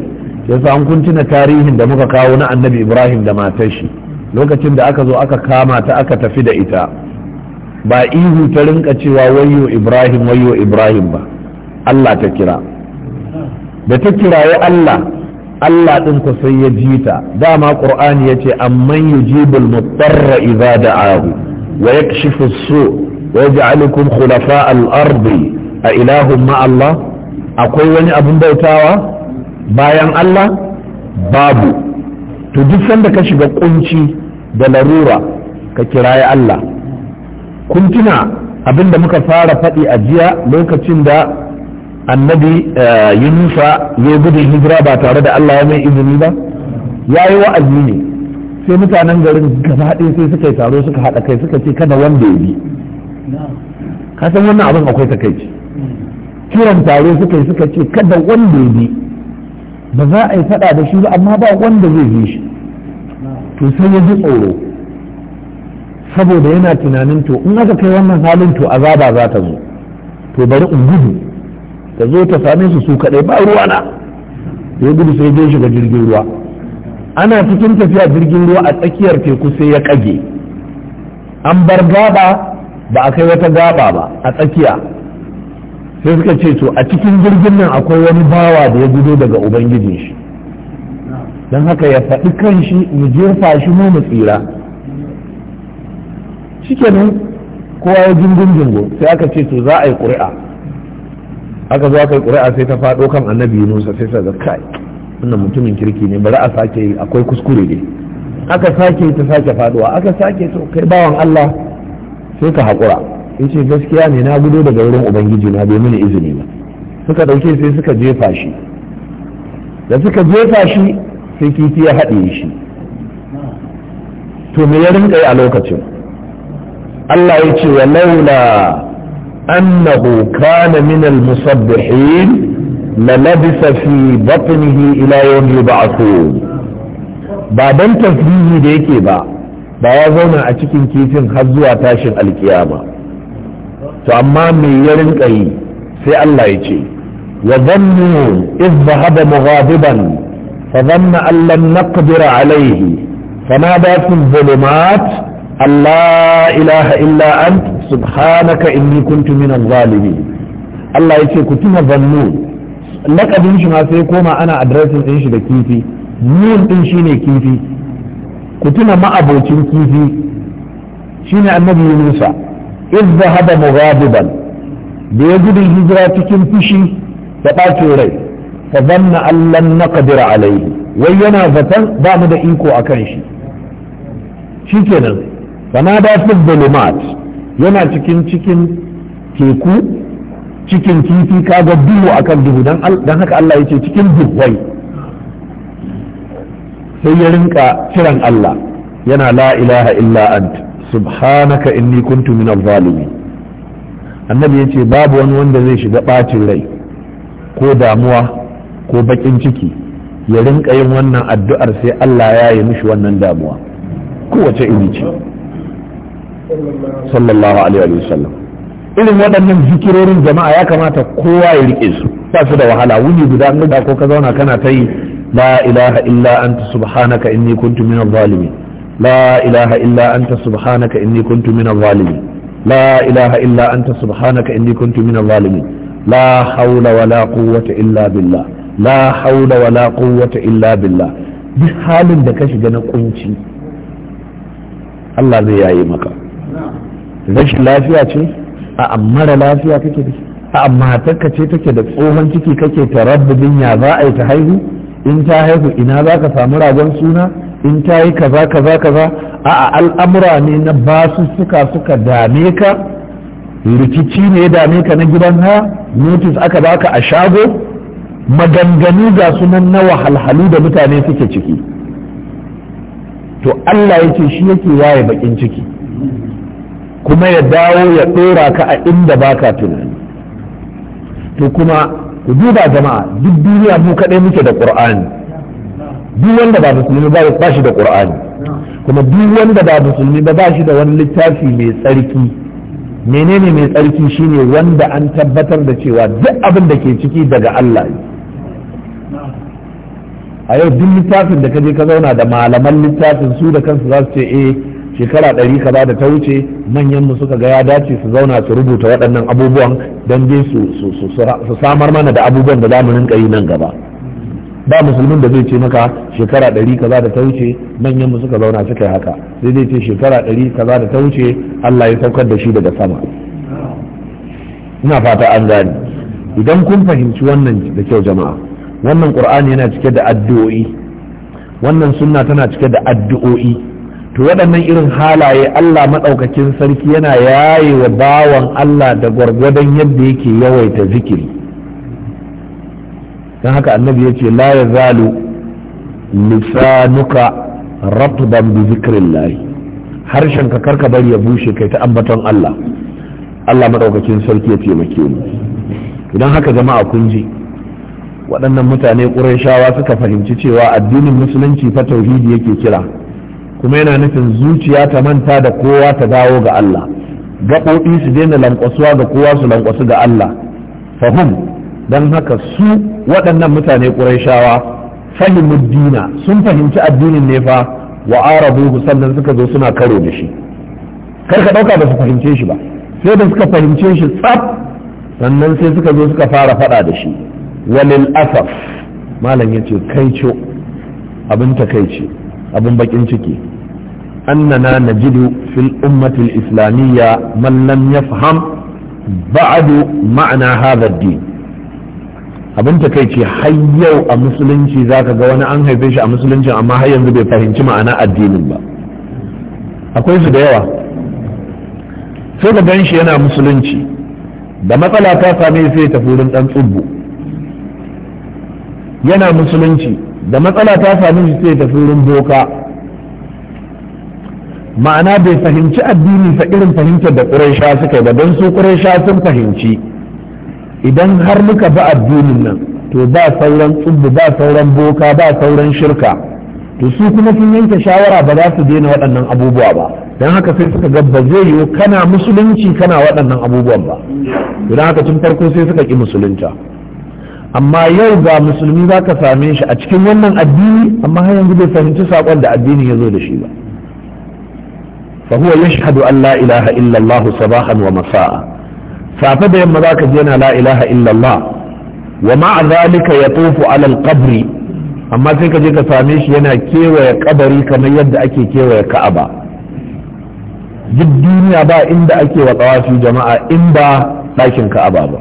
[SPEAKER 1] yasa an kun tuna tarihin da muka kawo na annabi ibrahim da matar shi lokacin da aka zo aka kama ta aka tafi da ita ba ihu ta rinka cewa wayo ibrahim wayo ibrahim ba Allah ta kira da ta kiraye Allah Allah ɗin ku sai ya ji ta dama ƙur'ani ya ce amman yujibul mutarra idza da'ahu wa yakshifu su wa yaj'alukum khulafa al a ilahun ma'allah. akwai wani abin bautawa bayan Allah babu to duk sanda ka shiga kunci da larura ka kiraye Allah kun tuna abin da muka fara faɗi a jiya lokacin da annabi eh, yunusa ya gudun hijira ba tare da allah ya mai izini ba ya yi wa'azi ne sai mutanen garin gaba ɗaya sai suka yi taro suka haɗa kai suka ce kada wanda ya bi ka san wannan abin akwai takaici kiran taro suka yi suka ce kada wanda ya bi ba za a yi faɗa da shi ba amma ba wanda zai bi shi to sai ya ji tsoro saboda yana tunanin to in aka kai wannan halin to azaba za ta zo to bari in gudu Ka zo ta same su su kaɗai ba ruwa na ya gudu sai dai shiga jirgin ruwa ana cikin tafiya jirgin ruwa a tsakiyar teku sai ya kage an bar gaba ba a kai wata gaba ba a tsakiya sai suka ce to a cikin jirgin nan akwai wani bawa da ya gudo daga ubangijin shi don haka ya faɗi kan shi mu jefa shi mu mu tsira shikenan kowa ya jingun jingo sai aka ce to za a yi ƙuri'a aka zo aka yi ƙuri'a sai ta faɗo kan annabi Musa sai ta kai wannan mutumin kirki ne bari a sake yi akwai kuskure ne aka sake ta sake faɗuwa aka sake to kai bawan allah sai ka haƙura yace gaskiya ne na gudo daga wurin ubangiji na bai mini izini ba suka ɗauke sai suka jefa shi da suka jefa shi sai kifi ya haɗe shi to me ya rinka yi a lokacin Allah ya ce wa laula انه كان من المصبحين للبس في بطنه الى يوم يبعثون بعد تفريه ديك با بيازونا اتكين كيفين خزوا تاشن القيامة فاما ميرن اي في الله يتي وظنوا اذ ذهب مغاضبا فظن ان لن نقدر عليه فنادى في الظلمات الله اله الا انت subhanaka inni kuntu min zalimin Allah ya ce ku tuna zannu lakabin shi ma sai koma ana addressing din shi da kifi nun din ne kifi ku tuna ma'abocin kifi shine annabi Musa iz zahaba mughadiban da ya gudun hijira cikin fushi da ɓacin rai fa zanna allan na kadira alaihi wai yana zaton ba mu da iko a kan shi shikenan fana da fi yana cikin cikin teku cikin kifi kaga duhu akan duhu don haka Allah yace cikin duhwai sai ya rinka kiran Allah yana la ilaha illa ant subhanaka inni kuntu min zalimi annabi ya ce babu wani wanda zai shiga ɓacin rai ko damuwa ko baƙin ciki ya rinka yin wannan addu'ar sai Allah ya yi mishi wannan damuwa kowace iri ce sallallahu alaihi wa sallam irin waɗannan zikirorin jama'a ya kamata kowa ya rike su ba su da wahala wuni guda da ko ka zauna kana ta yi la ilaha illa anta subhanaka inni kuntu minadh zalimin la ilaha illa anta subhanaka inni kuntu minadh zalimin la ilaha illa anta subhanaka inni kuntu minadh zalimin la hawla wala quwwata illa billah la hawla wala quwwata illa billah duk halin da ka shiga na kunci Allah zai yayi maka
[SPEAKER 2] rashin lafiya ce
[SPEAKER 1] a mara lafiya kake da a matarka ce take da tsohon ciki kake ta rabu jinya za a yi ta haihu in ta haihu ina za ka samu ragon suna in ta yi kaza kaza kaza a al'amura ne na basu suka suka dame ka rikici ne ya dame ka na gidan ha notis aka baka a shago maganganu ga sunan na wahalhalu da mutane suke ciki to Allah ya ce shi yake waye bakin ciki kuma ya dawo ya ɗora ka a inda baka tunani to kuma ku duba jama'a duk duniya mu kaɗai muke da ƙur'ani duk wanda ba musulmi ba ba shi da ƙur'ani kuma duk wanda ba musulmi ba ba shi da wani littafi mai tsarki menene mai tsarki shine wanda an tabbatar da cewa duk abin da ke ciki daga Allah ne a yau duk littafin da ka je ka zauna da malaman littafin su da kansu za su ce eh shekara ɗari kaza da ta wuce manyan mu suka ga ya dace su zauna su rubuta waɗannan abubuwan don dai su samar mana da abubuwan da zamu rinka yi nan gaba ba musulmin da zai ce maka shekara ɗari kaza da ta wuce manyan mu suka zauna suka yi haka sai zai ce shekara ɗari kaza da ta wuce Allah ya saukar da shi daga sama ina fata an gane idan kun fahimci wannan da kyau jama'a wannan qur'ani yana cike da addu'o'i wannan sunna tana cike da addu'o'i to waɗannan irin halaye Allah maɗaukakin sarki yana yaye wa bawan Allah da gwargwadon yadda yake yawaita zikiri don haka annabi ya ce la ya zalu lisanuka ratban bi zikirin layi harshen ka bari ya bushe kai ta ambaton Allah Allah maɗaukakin sarki ya taimake mu idan haka jama'a kun ji waɗannan mutane ƙurayshawa suka fahimci cewa addinin musulunci fa tauhidi yake kira kuma yana nufin zuciya ta manta da kowa ta dawo ga Allah gaɓoɓi su daina lankwasuwa ga kowa su lankwasu ga Allah fahim don haka su waɗannan mutane ƙurayshawa fahimu dina sun fahimci addinin ne fa wa arabu sannan suka zo suna karo da shi kar ka ɗauka ba su fahimce shi ba sai da suka fahimce shi tsaf sannan sai suka zo suka fara faɗa da shi walil asaf malam ya ce kai abin takaici abun bakin ciki annana najidu fil ummatul islamiyya man lam yafham ba'adu ma'ana hadha din abin takeici har yau a musulunci zaka ga wani an haife shi a musulunci amma har yanzu bai fahimci ma'ana addinin ba akwai su da yawa sai ka gan shi yana musulunci da matsala ta same sai ta furin dan tsubbu yana musulunci da matsala ta sami shi sai tafi wurin boka ma'ana bai fahimci addini fa irin fahimtar da ƙuraisha suka yi ba don su ƙuraisha sun fahimci idan har muka bi addinin nan to ba sauran tsubbu ba sauran boka ba sauran shirka to su kuma sun yanke shawara ba za su daina waɗannan abubuwa ba don haka sai suka ga zai yiwu kana musulunci kana waɗannan abubuwan ba don haka tun farko sai suka ƙi musulunta amma yau ba musulmi za ka same shi a cikin wannan addini amma har yanzu bai fahimci saƙon da addinin ya zo da shi ba fa huwa yashhadu an la ilaha illallah sabahan wa masa'a safa da yamma za ka ji yana la ilaha illallah wa ma'a zalika yatufu ala al-qabri amma sai ka je ka same shi yana kewaye kabari kamar yadda ake kewaye ka'aba duk duniya ba inda ake wa tsawafi jama'a in ba ɗakin ka'aba ba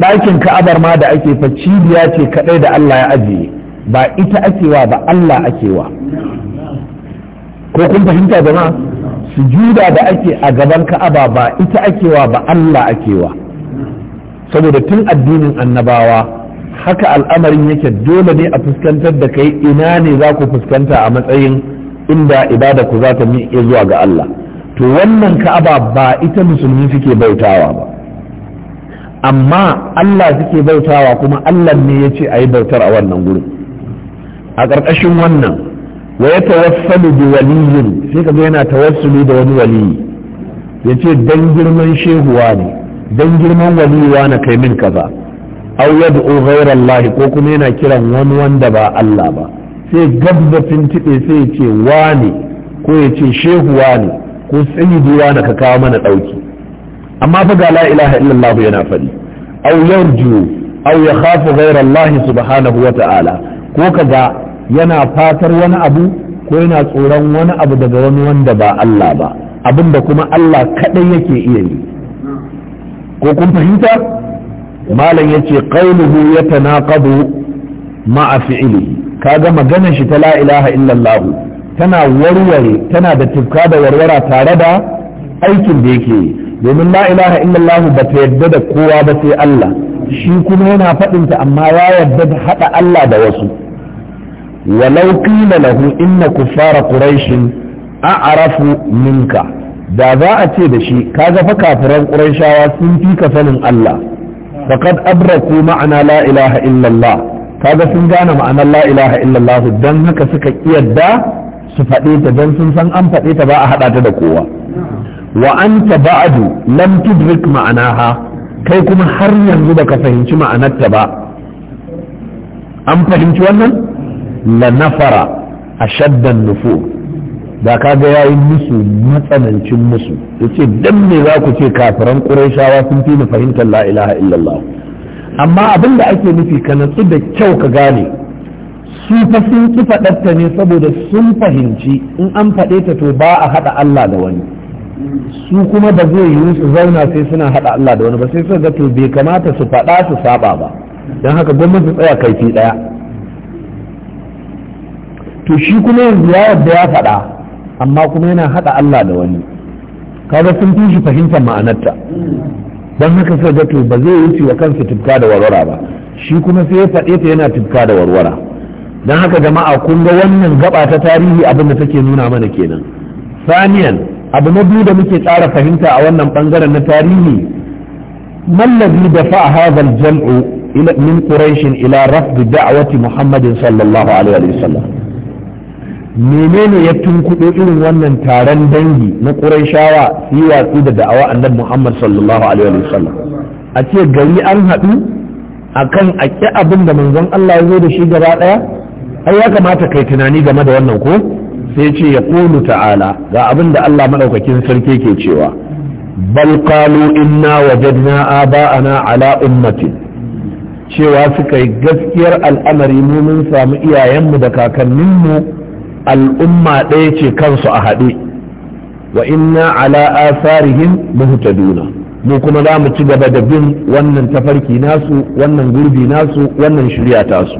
[SPEAKER 1] ɗakin ka'abar ma da ake fa cibiya ce kaɗai da Allah ya ajiye ba ita akewa ba Allah akewa ko kun fahimta su sujuda da ake a gaban ka'aba ba ita akewa ba Allah akewa saboda tun addinin annabawa haka al'amarin yake dole ne a fuskantar da kai ina ne za ku fuskanta a matsayin inda ibada ku za ta miƙe zuwa ga Allah to wannan ka'aba ba ita musulmi suke bautawa ba amma Allah suke bautawa kuma Allah ne ya ce a yi bautar a wannan gurin a ƙarƙashin wannan wa ya tawassalu bi waliyin sai kaga yana tawassalu da wani waliyi ya ce dan girman shehuwa ne dan girman waliwa na kai min kaza aw yad'u ghayra Allah ko kuma yana kiran wani wanda ba Allah ba sai gabbatin tibe sai ya ce wani ko ya ce shehuwa ne ko sayyidi na ka kawo mana ɗauki. amma fa ga la ilaha illallah yana faɗi aw yarju aw yakhafu ghayra Allah subhanahu wa ta'ala ko kaga yana fatar wani abu ko yana tsoron wani abu daga wani wanda ba Allah ba abinda kuma Allah kadai yake iya yi ko kun fahimta malam yace qawluhu yatanaqadu ma'a fi'lihi kaga maganar shi ta la ilaha illallah tana warware tana da tufka da warwara tare da aikin da yake yi domin la ilaha illallah ba ta yadda da kowa ba sai Allah shi kuma yana ta amma ya yadda da haɗa Allah da wasu walau qila lahu inna kuffara quraish a'rafu minka da za a ce da shi kaga fa kafiran quraishawa sun fi ka sanin Allah faqad abraku ma'ana la ilaha illallah kaga sun gane ma'anar la ilaha illallah dan haka suka kiyarda su faɗe ta dan sun san an faɗe ta ba a haɗa ta da kowa Wa'anta anta ba'du lam tudrik ma'anaha kai kuma har yanzu baka fahimci ma'anarta ba an fahimci wannan la nafara ashaddan nufu da kaga yayi musu matsanancin musu yace dan me za ku ce kafiran qurayshawa sun fi fahimtar la ilaha illallah amma abin da ake nufi ka natsu da kyau ka gane su fa sun ki faɗarta ne saboda sun fahimci in an faɗe ta to ba a haɗa Allah da wani su kuma ba zai yi su zauna sai suna haɗa Allah da wani ba sai su ga to bai kamata su faɗa su saba ba don haka gwamnati tsaya kaifi ɗaya to shi kuma yanzu ya yadda ya faɗa amma kuma yana haɗa Allah da wani kaga sun fi shi fahimtar ma'anarta don haka sai ga to ba zai wuce wa kansa tufka da warwara ba shi kuma sai ya faɗe ta yana tufka da warwara don haka jama'a kun ga wannan gaba ta tarihi abin da take nuna mana kenan saniyan abu na biyu da muke tsara fahimta a wannan bangaren na tarihi mallabi da fa hadhal jam'u min quraish ila rafd da'wati muhammadin sallallahu alaihi wasallam menene ya tunkuɗo irin wannan taron dangi na ƙurayshawa su yi watsi da da'awa annabi muhammad sallallahu alaihi wasallam a ce gari an haɗu akan a ƙi abin da manzon Allah ya zo da shi gaba ɗaya ai ya kamata kai tunani game da wannan ko sai ce ya kulu ta'ala ga abin da Allah maɗaukakin sarki ke cewa bal qalu inna wajadna aba'ana ala ummati cewa suka yi gaskiyar al'amari mu mun samu iyayenmu da kakanninmu al'umma ɗaya ce kansu a haɗe wa inna ala asarihim muhtaduna mu kuma za mu ci gaba da bin wannan tafarki nasu wannan gurbi nasu wannan shirya tasu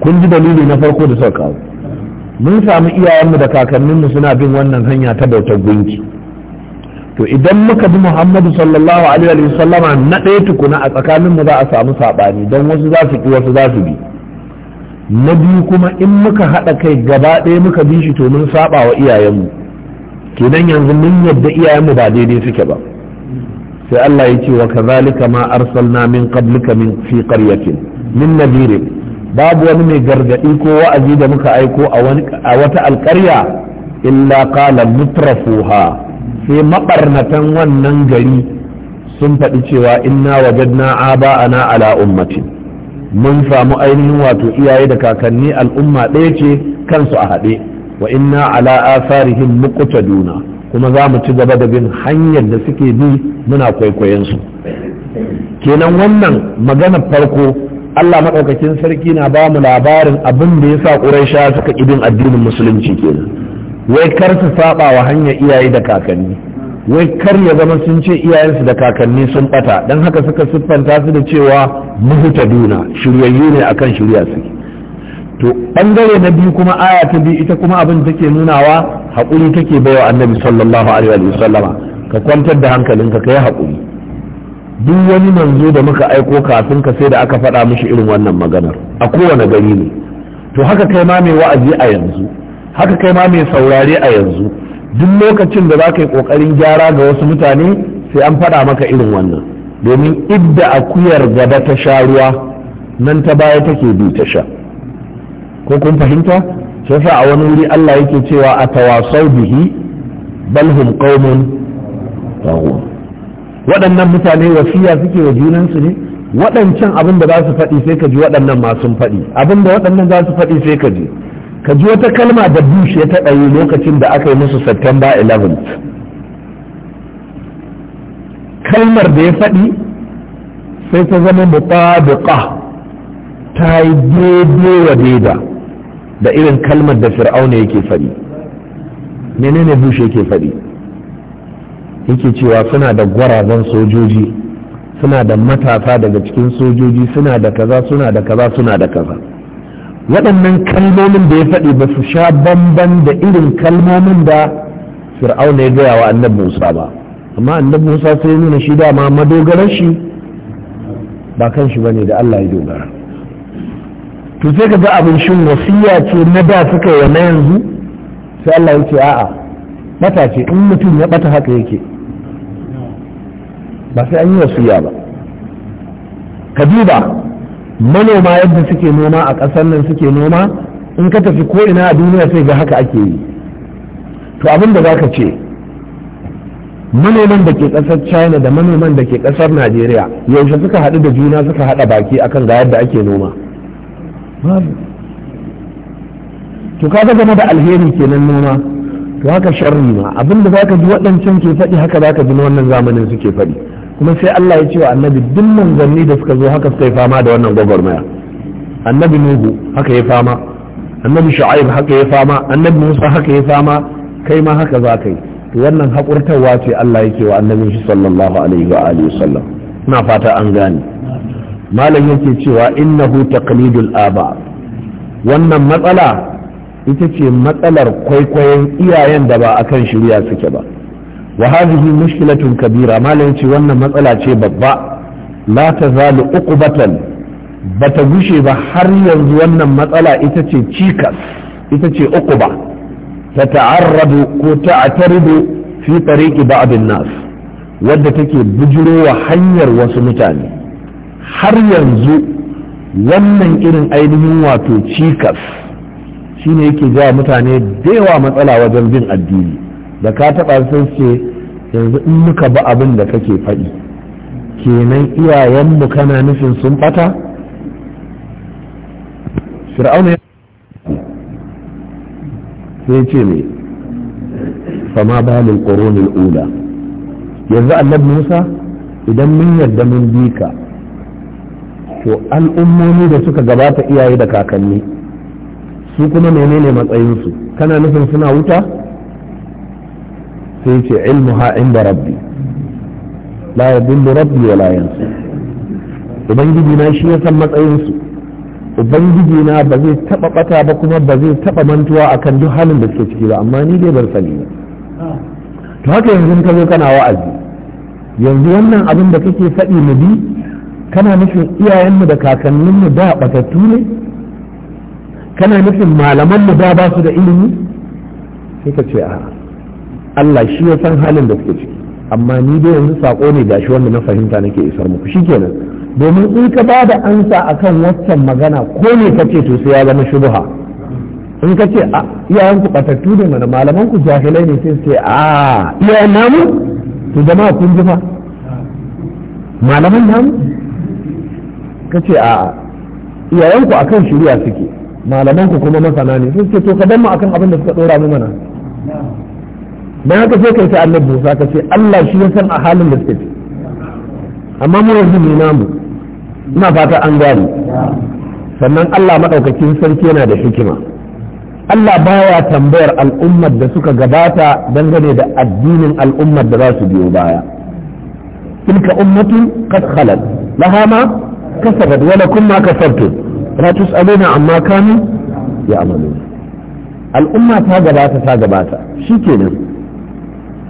[SPEAKER 1] kun ji dalili na farko da suka kawo mun samu iyayenmu da kakanninmu suna bin wannan hanya ta bautar gunki to idan muka bi muhammadu sallallahu alaihi wa sallama na ɗaya tukuna a tsakaninmu za a samu saɓani don wasu za su ki wasu za su bi na biyu kuma in muka haɗa kai gaba ɗaya muka bi shi to mun saɓa wa iyayenmu kenan yanzu mun yadda iyayenmu ba daidai suke ba sai Allah ya ce wa kazalika ma arsalna min qablika min fi qaryatin min nadirin babu wani mai gargadi ko wa'azi da muka aiko a wata alƙarya illa qala mutrafuha sai mabarnatan wannan gari sun faɗi cewa inna wajadna ana ala ummatin mun samu ainihin wato iyaye da kakanni al'umma ɗaya ce kansu a haɗe wa inna ala asarihim muqtaduna kuma za mu ci gaba da bin hanyar da suke bi muna kwaikwayon su kenan wannan magana farko Allah maɗaukakin sarki na ba mu labarin abin da ya sa ƙuraisha suka ƙibin addinin musulunci kenan wai kar su saba wa hanyar iyaye da kakanni wai kar ya zama sun ce iyayensu da kakanni sun bata don haka suka siffanta su da cewa duna shiryayyu ne akan shirya su to bangare na biyu kuma aya ta biyu ita kuma abin take nunawa hakuri take baiwa annabi sallallahu alaihi wa sallama ka kwantar da hankalinka ka yi haƙuri duk wani manzo da muka aiko kafin ka sai da aka faɗa mishi irin wannan maganar a kowane gari ne to haka kai ma mai wa'azi a yanzu haka kai ma mai saurare a yanzu duk lokacin da za ka yi ƙoƙarin gyara ga wasu mutane sai an faɗa maka irin wannan domin idda akuyar gaba ta sha ruwa nan ta baya take bi ta sha ko kun fahimta sai sa a wani wuri Allah yake cewa a tawasau bihi bal hum qaumun waɗannan mutane wasiya suke wa junansu ne waɗancan abin da za su faɗi sai ka ji waɗannan ma faɗi abin da waɗannan za su faɗi sai ka ji ka ji wata kalma da bush ya taɗa yi lokacin da aka yi musu september 11 kalmar da ya faɗi sai ta zama mutabiqa ta yi daidai wa daida da irin kalmar da fir'auna yake faɗi menene bush yake faɗi yake cewa suna da gwarazan sojoji suna da matasa daga cikin sojoji suna da kaza suna da kaza suna da kaza waɗannan kalmomin da ya faɗi ba su sha bamban da irin kalmomin da fir'auna ya gaya wa annabi musa ba amma annabi musa sai nuna shi dama madogaran shi ba kan shi bane da allah ya dogara to sai ka ga abin shin wasiya ce na da suka yi na yanzu sai allah ya ce a'a bata in mutum ya bata haka yake ba sai an yi wasiya ba ka duba manoma yadda suke noma a ƙasar nan suke noma in ka tafi ko ina a duniya sai ga haka ake yi to abin da za ka ce manoman da ke ƙasar china da manoman da ke ƙasar najeriya yaushe suka haɗu da juna suka haɗa baki akan ga yadda ake noma to ka zama da alheri kenan noma to haka sharri ma abin da za ka ji waɗancan ke faɗi haka za ka ji wannan zamanin suke faɗi kuma sai Allah ya ce wa annabi duk manzanni da suka zo haka suka yi fama da wannan gwagwarmaya annabi nuhu haka ya fama annabi shu'aib haka ya fama annabi musa haka ya fama kai ma haka za ka yi to wannan haƙurtarwa ce Allah yake wa annabin shi sallallahu alaihi wa alihi sallam ina fata an gane malam yake cewa innahu taqlidul aba wannan matsala ita ce matsalar kwaikwayon iyayen da ba akan shirya suke ba wa hadhihi mushkilatun kabira malam wannan matsala ce babba la tazalu uqbatan bata gushe ba har yanzu wannan matsala ita ce cikas ita ce uquba ta ta'arradu ko ta'taridu fi tariqi ba'd nas wadda take bujurowa hanyar wasu mutane har yanzu wannan irin ainihin wato cikas shine yake jawa mutane da matsala wajen bin addini da ka taɓa sai ce yanzu in muka ba abin da kake faɗi kenan iyayenmu kana nufin sun ɓata fir'auna sai ce ne fama balin ƙoronin ula yanzu annab musa idan mun yarda mun bi ka to al'ummomi da suka gabata iyaye da kakanni su kuma menene matsayinsu kana nufin suna wuta sai ce ilmu ilmuha da rabbi la yadullu rabbi wa layansu ubangiji na shi ya san matsayinsu su ubangiji na ba zai taba bata ba kuma ba zai taba mantuwa akan duk halin da suke ciki ba amma ni dai bar sani ba to haka yanzu ka zo kana wa'azi yanzu wannan abin da kake faɗi mu bi kana nufin iyayenmu da kakanninmu da batattu ne kana nufin malamanmu da ba su da ilimi sai ka ce a'a Allah shi ya san halin da suke ciki amma ni dai yanzu sako ne da shi wanda na fahimta nake isar muku shikenan domin in ka ba da ansa akan waccan magana ko ne ka ce to sai ya zama shubha in ka ce a iyayen ku batattu ne mana malaman ku jahilai ne sai ce a iyayen namu to jama'a kun ji fa malaman namu ka ce a iyayen ku akan shari'a suke malaman ku kuma masana ne sai ce to ka dan akan abin da suka dora mu mana dan haka sai kai ta annabi Musa ka ce Allah shi ya san a halin da suke ciki amma mu yanzu namu ina fata an gane sannan Allah madaukakin sarki yana da hikima Allah baya tambayar al'ummar da suka gabata dangane da addinin al'ummar da za su biyo baya tilka ummatun qad khalat laha ma kasabat wa lakum ma kasabtum la tusaluna amma kanu ya'malun al'umma ta gabata ta gabata shikenan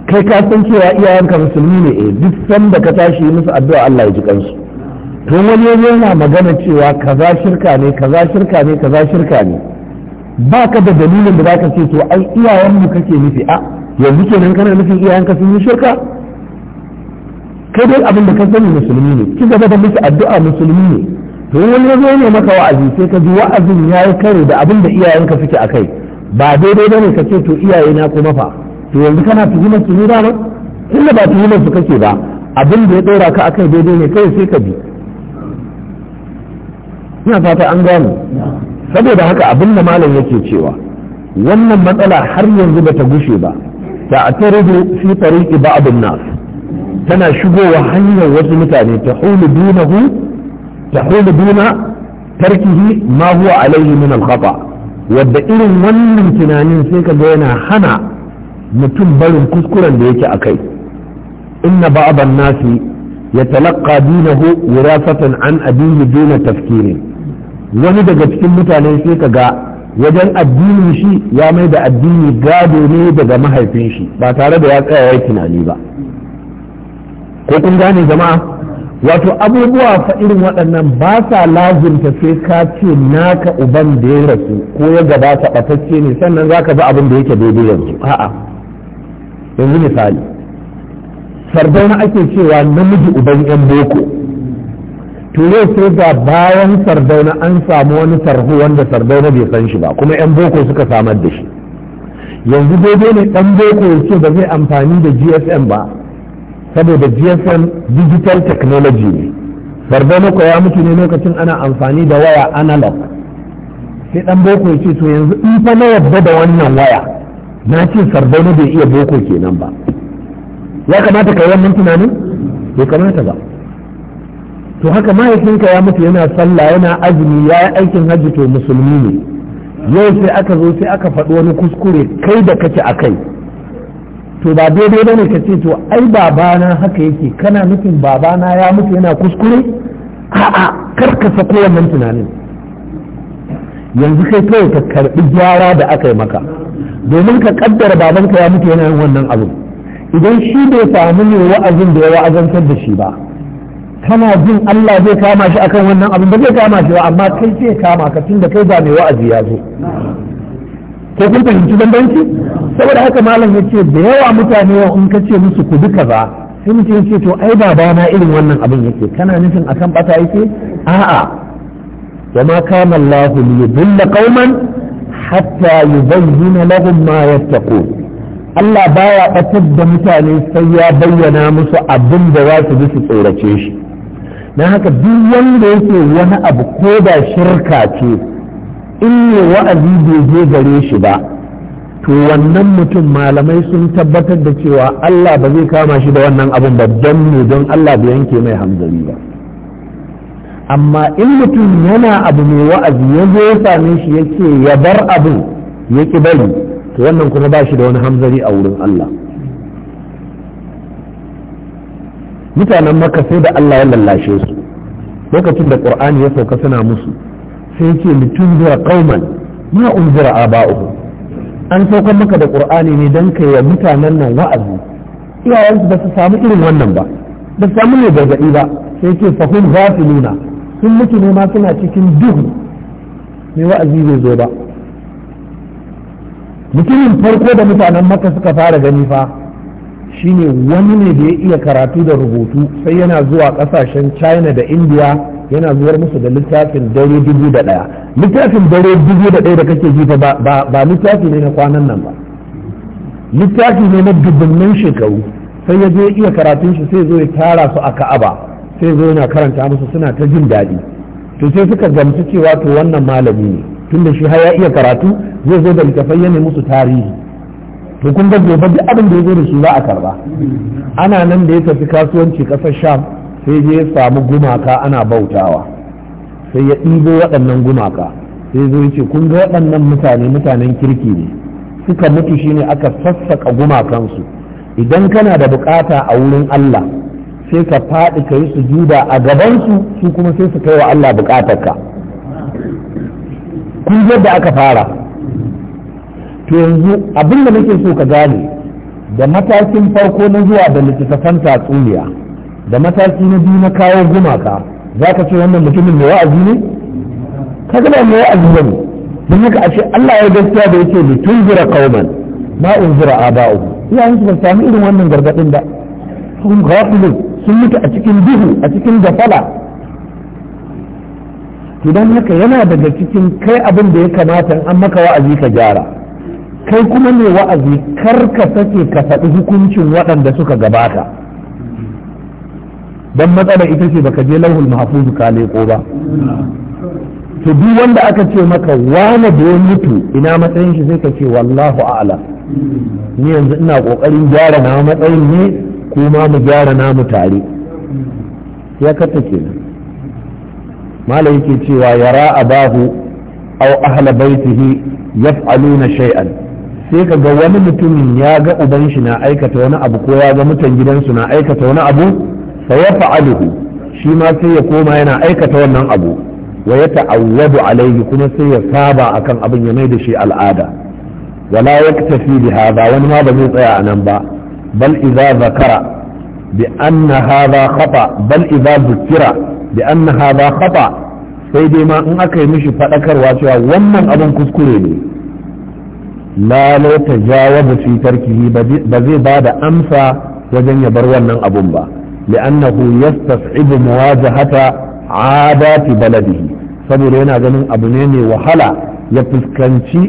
[SPEAKER 1] kai ka san cewa iyayenka musulmi ne eh duk sanda ka tashi musu addu'a Allah ya ji kansu to wani yana magana cewa kaza shirka ne kaza shirka ne kaza shirka ne ba ka da dalilin da zaka ce to ai iyayenmu kake nufi a yanzu kenan kana nufin iyayenka sun yi shirka kai dai abin da ka sani musulmi ne ki gaba da musu addu'a musulmi ne to wani yazo ne maka wa'azi sai ka ji wa'azin yayi kare da abin da iyayenka suke akai ba daidai bane ka ce to iyayena kuma fa to yanzu kana tuhumar su ne da ba inda ba tuhumar su kake ba abin da ya dora ka akai daidai ne kai sai ka bi ina fata an gano saboda haka abin da malam yake cewa wannan matsala har yanzu bata gushe ba ta ataridu fi tariqi ba'dun nas tana shigowa hanyar wasu mutane ta hulu dunahu ta hulu duna tarkihi ma huwa alaihi min al-khata wadda irin wannan tunanin sai ka ga yana hana mutum barin kuskuren da yake a kai inna ba'aban nasi ya ho dinahu wirasatan an abihi duna tafkirin wani daga cikin mutane sai ka ga wajen addini shi ya mai da addini gado ne daga mahaifin shi ba tare da ya tsaya ya tunani ba ko kun gane jama'a wato abubuwa fa irin waɗannan ba sa lazimta sai ka ce naka uban da ya rasu ko ya gabata ɓatacce ne sannan za ka bi abin da yake daidai yanzu a'a yanzu misali sardauna ake cewa namiji uban yan boko to yau sai ga bayan na an samu wani sarhu wanda na bai san shi ba kuma yan boko suka samar da shi yanzu daidai ne dan boko ya ce ba zai amfani da gsm ba saboda gsm digital technology ne sardau na ya mutu ne lokacin ana amfani da waya analog sai dan boko ya ce to yanzu in fa na yadda da wannan waya na ce na bai iya boko kenan ba ya kamata ka yi wannan tunanin bai kamata ba to haka mahaifinka ya mutu yana sallah yana azumi ya yi aikin hajji to musulmi ne yau sai aka zo sai aka faɗi wani kuskure kai da kake a kai to ba daidai bane ka ce to ai babana haka yake kana nufin babana ya mutu yana kuskure a'a kar ka sako wannan tunanin yanzu kai kawai ka karbi gyara da aka yi maka domin ka kaddara babanka ya mutu yana yin wannan abu idan shi bai samu ne wa'azin da ya wa'azantar da shi ba kana jin Allah zai kama shi akan wannan abin ba zai kama shi ba amma kai zai kama ka tunda kai ba mai wa'azi ya zo ko kun fahimci bambanci saboda haka malam ya ce da yawa mutane wa in ka ce musu ku duka ba sai mutum ce to ai babana irin wannan abin yake kana nufin akan bata yake a'a wa ma kana Allah li yudilla qauman hatta yubayyana lahum ma yattaqun Allah baya batar da mutane sai ya bayyana musu abin da za su bi su tsorace shi na haka duk wanda yake wani abu ko ba shirka ce in ne wa'azi bai je gare shi ba to wannan mutum malamai sun tabbatar da cewa Allah ba zai kama shi da wannan abun ba don ne don Allah bai yanke mai hanzari ba amma in mutum yana abu mai wa'azi ya zo ya same shi ya ce ya bar abu ya ki bari to wannan kuma ba shi da wani hamzari a wurin Allah mutanen maka sai da Allah ya lallashe su lokacin da qur'ani ya sauka suna musu sai ce mutum zuwa kauman ma unzira aba'uhu an saukar maka da qur'ani ne dan kai wa mutanen nan wa'azi iyayensu ba su samu irin wannan ba ba su samu ne gargadi ba sai ce fahim ghafiluna sun mutu ne ma suna cikin duhu mai wa'azi bai zo ba mutumin farko da mutanen maka suka fara gani fa shine wani ne da ya iya karatu da rubutu sai yana zuwa kasashen china da india yana zuwar musu da littafin dare dubu da daya littafin dare dubu da daya da kake jifa ba littafi ne na kwanan nan ba littafi ne na dubunnan shekaru sai ya iya karatun shi sai zo ya tara su a ka'aba sai zo yana karanta musu suna ta jin daɗi to sai suka gamsu cewa to wannan malami ne tunda shi har ya iya karatu zai zo da littafai yana musu tarihi to kun ga gobe duk abin da ya zo da shi za a karba ana nan da ya tafi kasuwanci ƙasar sham sai je ya samu gumaka ana bautawa sai ya ɗibo waɗannan gumaka sai zo ya ce kun ga waɗannan mutane mutanen kirki ne suka mutu shine aka sassaƙa gumakansu idan kana da bukata a wurin Allah sai ka faɗi ka yi sujuda a gabansu su kuma sai su kai wa Allah bukatarka kun yadda aka fara to yanzu abin da nake so ka gane da matakin farko na zuwa da littattafan tatsuniya da mataki na biyu na kawo gumaka za ka ce wannan mutumin mai wa'azi ne ka gaba mai wa'azi ne don haka a ce Allah ya gaskiya da yake ne tun zira kauman ma unzira aba'u iyayen su sami irin wannan gargadin da sun ga sun mutu a cikin duhu a cikin gafala Idan haka yana daga cikin kai abin da ya kamata in an maka wa'azi ka gyara kai kuma ne wa'azi kar ka sake ka faɗi hukuncin waɗanda suka gabata don matsala ita ce baka je lauhul mahfuzu ka leko ba to duk wanda aka ce maka wane da ya mutu ina matsayin shi sai ka ce wallahu a'lam ni yanzu ina kokarin gyara na matsayin ne kuma mu gyara namu tare ya kata kenan malam yake cewa yara abahu aw ahla baitihi yaf'aluna shay'an sai ka ga wani mutumin ya ga uban shi na aikata wani abu ko ya ga mutan gidansu na aikata wani abu fa yaf'aluhu shi ma sai ya koma yana aikata wannan abu wa ya ta'awwadu alaihi kuma sai ya saba akan abin ya mai da shi al'ada wala yaktafi bi hada wani ma ba zai tsaya a nan ba بل إذا ذكر بأن هذا خطأ بل إذا ذكر بأن هذا خطأ sai dai ma in aka yi mishi faɗakarwa cewa wannan abin kuskure ne lalai ta jawabu fi ba zai ba da amsa wajen ya bar wannan abun ba li'annahu yastas'ibu muwajahata adati baladihi saboda yana ganin abu ne mai wahala ya fuskanci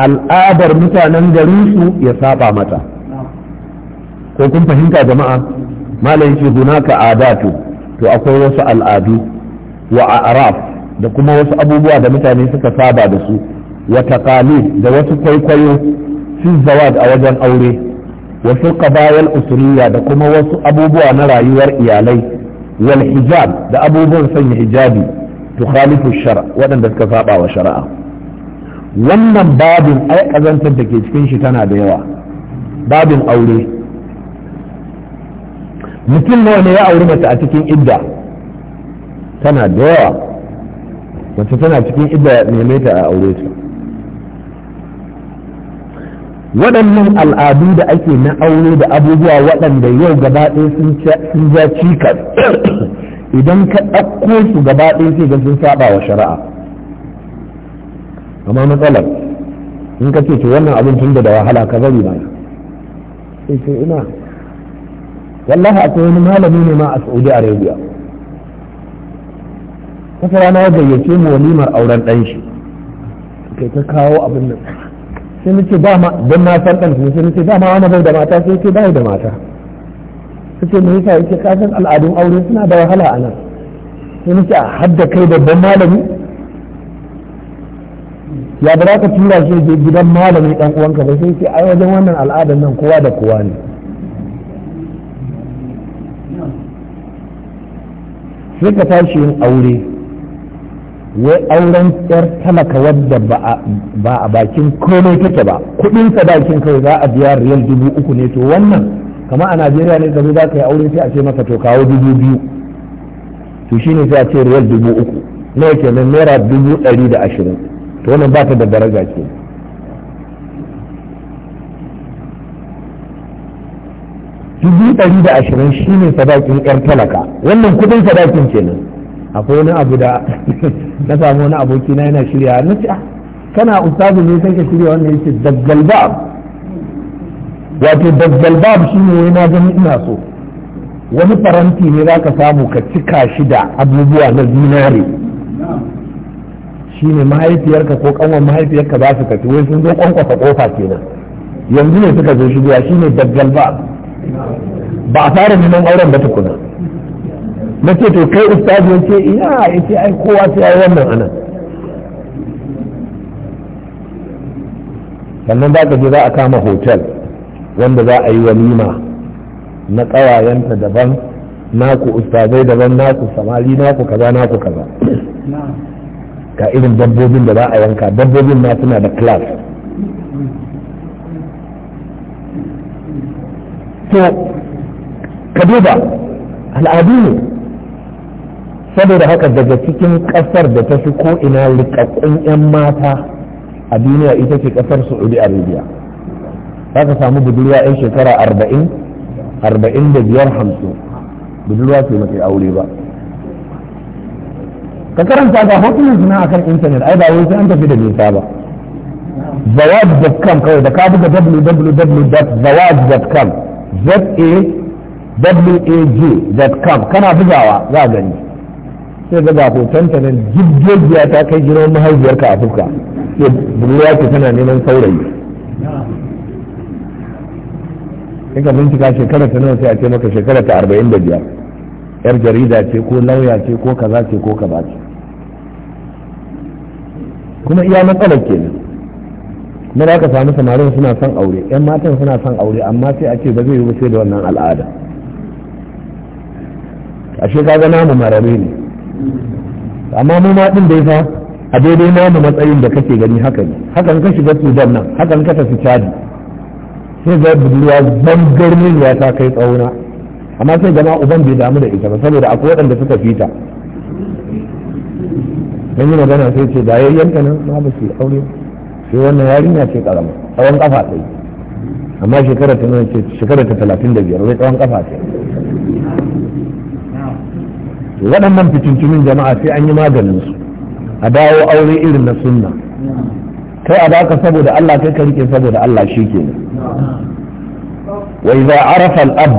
[SPEAKER 1] al'adar mutanen garinsu ya saba mata ko kun fahimta jama'a malam yace hunaka adatu to akwai wasu al'adu wa a'raf da kuma wasu abubuwa da mutane suka saba da su wa taqalid da wasu kwaikwayo fi zawad a wajen aure wasu qabayal usriya da kuma wasu abubuwa na rayuwar iyalai wal hijab da abubuwan sanya hijabi khalifu shara waɗanda suka saba wa shari'a wannan babin ai kazantar da ke cikin shi tana da yawa babin aure mutum nawa ne ya auri mace a cikin idda tana da yawa mace tana cikin idda ya neme ta a aure ta waɗannan al'adu da ake na aure da abubuwa waɗanda yau gaba ɗaya sun ja cikas idan ka ɗauko su gaba ɗaya sai ga sun saba wa shari'a amma matsalar in ka ce to wannan abin tun da wahala ka gani ba sai ina wallahi akwai wani malami ne ma a saudi arabia kasa rana ya gayyace mu walimar auren ɗan shi kai ta kawo abin nan sai nace ba ma don na san ɗan sai nace ba ma wani bai da mata sai ce bai da mata sai me yasa yake kasan al'adun aure suna da wahala a nan sai nace a hadda kai babban malami ya ba za ka tura shi gidan malami ɗan uwanka ba sai ce ai wajen wannan al'adar nan kowa da kowa ne sai ka tashi yin aure wai auren yar talaka wadda ba a bakin komai take ba kudin sadakin kai za a biya riyal dubu uku ne to wannan kama a najeriya ne zama za ka yi aure sai a ce maka to kawo dubu biyu to shi ne sai a ce riyal dubu uku nawa kenan naira dubu ɗari da ashirin to wannan ba ta da daraja dubu ɗari da ashirin shi ne sadakin yan talaka wannan kudin sadakin kenan akwai wani abu da na samu wani aboki na yana shirya na ce ah, kana ustazu ne sai ka shirya wannan yace daggal bab wato daggal bab shi ne wai na gani ina so wani faranti ne za ka samu ka cika shi da abubuwa na zinare shi ne mahaifiyarka ko kanwan mahaifiyarka ba su tafi? wai sun zo kwankwasa kofa kenan yanzu ne suka zo shigowa shi ne daggal bab ba a fara neman auren ba tukuna na ce to kai ustazi ya ce iya ya ce ai kowa sai ya yi wannan anan sannan za ka je za a kama hotel wanda za a yi walima na ƙawayenta daban naku ustazai daban naku samari naku kaza naku kaza ka irin dabbobin da za a yanka dabbobin ma suna da class to ka duba al'adu ne saboda haka daga cikin kasar da ta fi ko ina likakkun 'yan mata a duniya ita ce kasar saudi arabia za ka samu budurwa 'yan shekara arba'in arba'in da biyar hamsin budurwa ce mace aure ba ka karanta ga hotunan suna akan intanet ai ba wai sai an tafi da nisa ba zawad.com kawai da ka buga www.zawad.com zawag.com kana bugawa za a gani sai ga hoton ta nan jirgiya ta kai girman ka a fuka sai buruwa ce tana neman saurayi in ka bincika shekara ta nan sai a ce maka shekara ta arba'in da biyar yar jarida ce ko lauya ce ko kaza ce ko kaza ce kuma iya matsalar kenan kuma da aka samu samarin suna son aure yan matan suna son aure amma sai a ce ba zai yi sai da wannan al'ada ashe kaga namu marare ne amma mu ma din dai fa a daidai namu matsayin da kake gani haka ne hakan ka shiga sudan nan hakan ka tafi cadi sai ga budurwa zangarmin ya ta kai tsauna amma sai gama uban bai damu da ita ba saboda akwai waɗanda suka fita dan yi magana sai ce da yayyanka nan ma ba su aure shi wannan yarinya ce karama tsawon kafa ta amma shekara ta nuna ce shekara ta talatin da biyar wai tsawon kafa ta waɗannan fitintunin jama'a sai an yi maganin su a dawo aure irin na sunna kai a baka saboda Allah kai ka rike saboda Allah shi kenan wa idza arafa al-ab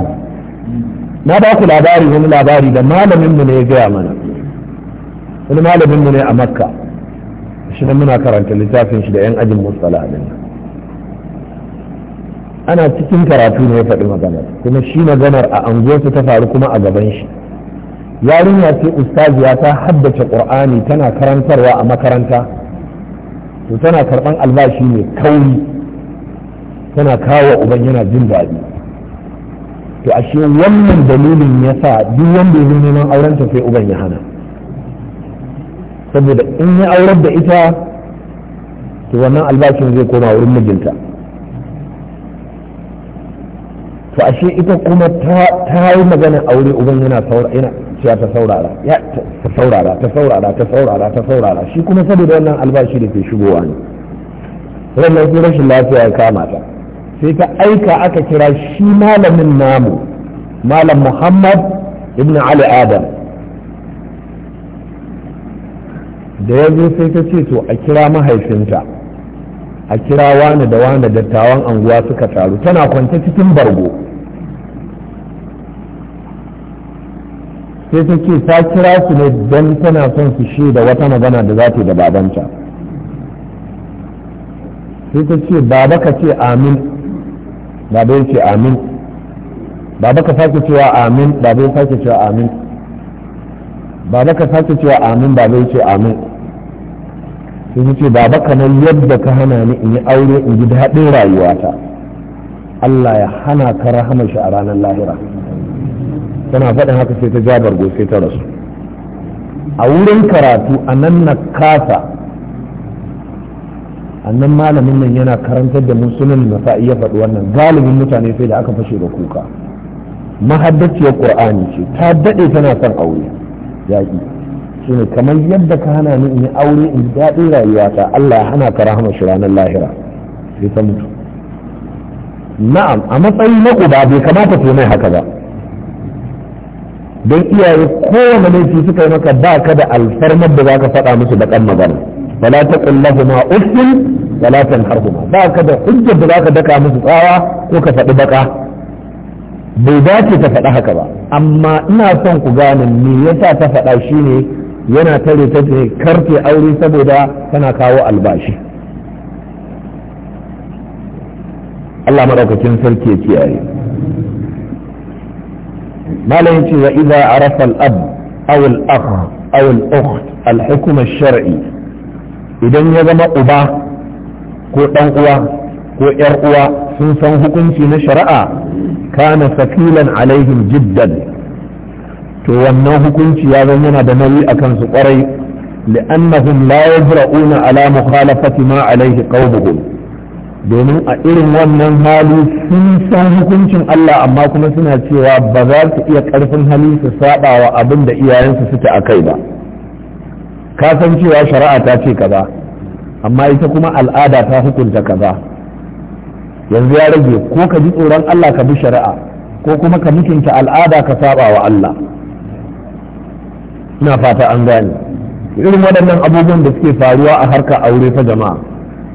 [SPEAKER 1] na ba ku labari wani labari da malamin mu ne ya gaya mana wani malamin mu ne a makka shi da muna karanta littafin shi da yan ajin musala din ana cikin karatu ne ya faɗi maganar kuma shi maganar a anguwarsu ta faru kuma a gaban shi yarinya ce ustaziya ta haddace qur'ani tana karantarwa a makaranta to tana karban albashi ne kauri tana kawo uban yana jin daɗi to ashe wannan dalilin ya sa duk wanda ya zo neman auren ta sai uban ya hana saboda in ya aurar da ita to wannan albashin zai koma wurin mijinta to ashe ita kuma ta yi magana aure uban yana yana cewa ta saurara ta saurara ta saurara ta saurara ta saurara shi kuma saboda wannan albashi da ke shigowa ne wannan sai rashin lafiya ya kama ta sai ta aika aka kira shi malamin namu malam muhammad ibn ali adam da ya zo sai ta ce to a kira mahaifinta a kira wani da wani dattawan anguwa suka taru tana kwance cikin bargo sai ta ce ta kira su ne don tana son su shi da wata magana da za ta da babanta sai ta ce baba ka ce amin baba ya ce amin baba ka sake cewa amin baba ya sake cewa amin baba ka sake cewa amin baba ya ce amin sai ta ce baba kamar yadda ka hana ni in yi aure in ji daɗin rayuwata Allah ya hana ka rahama shi a ranar lahira tana faɗin haka sai ta jabar go sai ta rasu a wurin karatu a nan na kasa annan malamin nan yana karantar da musulun na sa'i ya faɗi wannan galibin mutane sai da aka fashe da kuka mahaddaciyar ƙur'ani ce ta daɗe tana son aure yaƙi ne kamar yadda ka hana ni in aure in daɗin rayuwata Allah ya hana ka rahama shi ranar lahira sai ta mutu na'am a matsayi na uba bai kamata su mai haka ba don iyaye kowane laifi suka yi maka ba ka da alfarmar da za ka faɗa musu da kan magana wala ta kullahu ma uffin wala tanharhuma ba ka da hujjar da za ka daka musu tsawa ko ka faɗi baka bai dace ta faɗa haka ba amma ina son ku gane me yasa ta faɗa shine yana tare ta ne karfe aure saboda tana kawo albashi Allah maɗaukakin sarki ya kiyaye malam yace wa idza arafa al-ab aw al-akh aw al-ukht al-hukm shari idan ya zama uba ko dan uwa ko yar uwa sun san hukunci na shari'a kana sakilan alaihim jiddan to wannan hukunci ya zan yana da nauyi a kansu kwarai li'annahum la yazra'una ala mukhalafati ma alaihi qaumuhum domin a irin wannan hali sun san hukuncin Allah amma kuma suna cewa ba za su iya karfin hali su saba wa abin da iyayensu suke a kai ba ka san cewa shari'a ta ce kaza amma ita kuma al'ada ta hukunta kaza yanzu ya rage ko ka ji tsoron Allah ka bi shari'a ko kuma ka mutunta al'ada ka saba wa Allah na fata an gane irin waɗannan abubuwan da suke faruwa a harka aure ta jama'a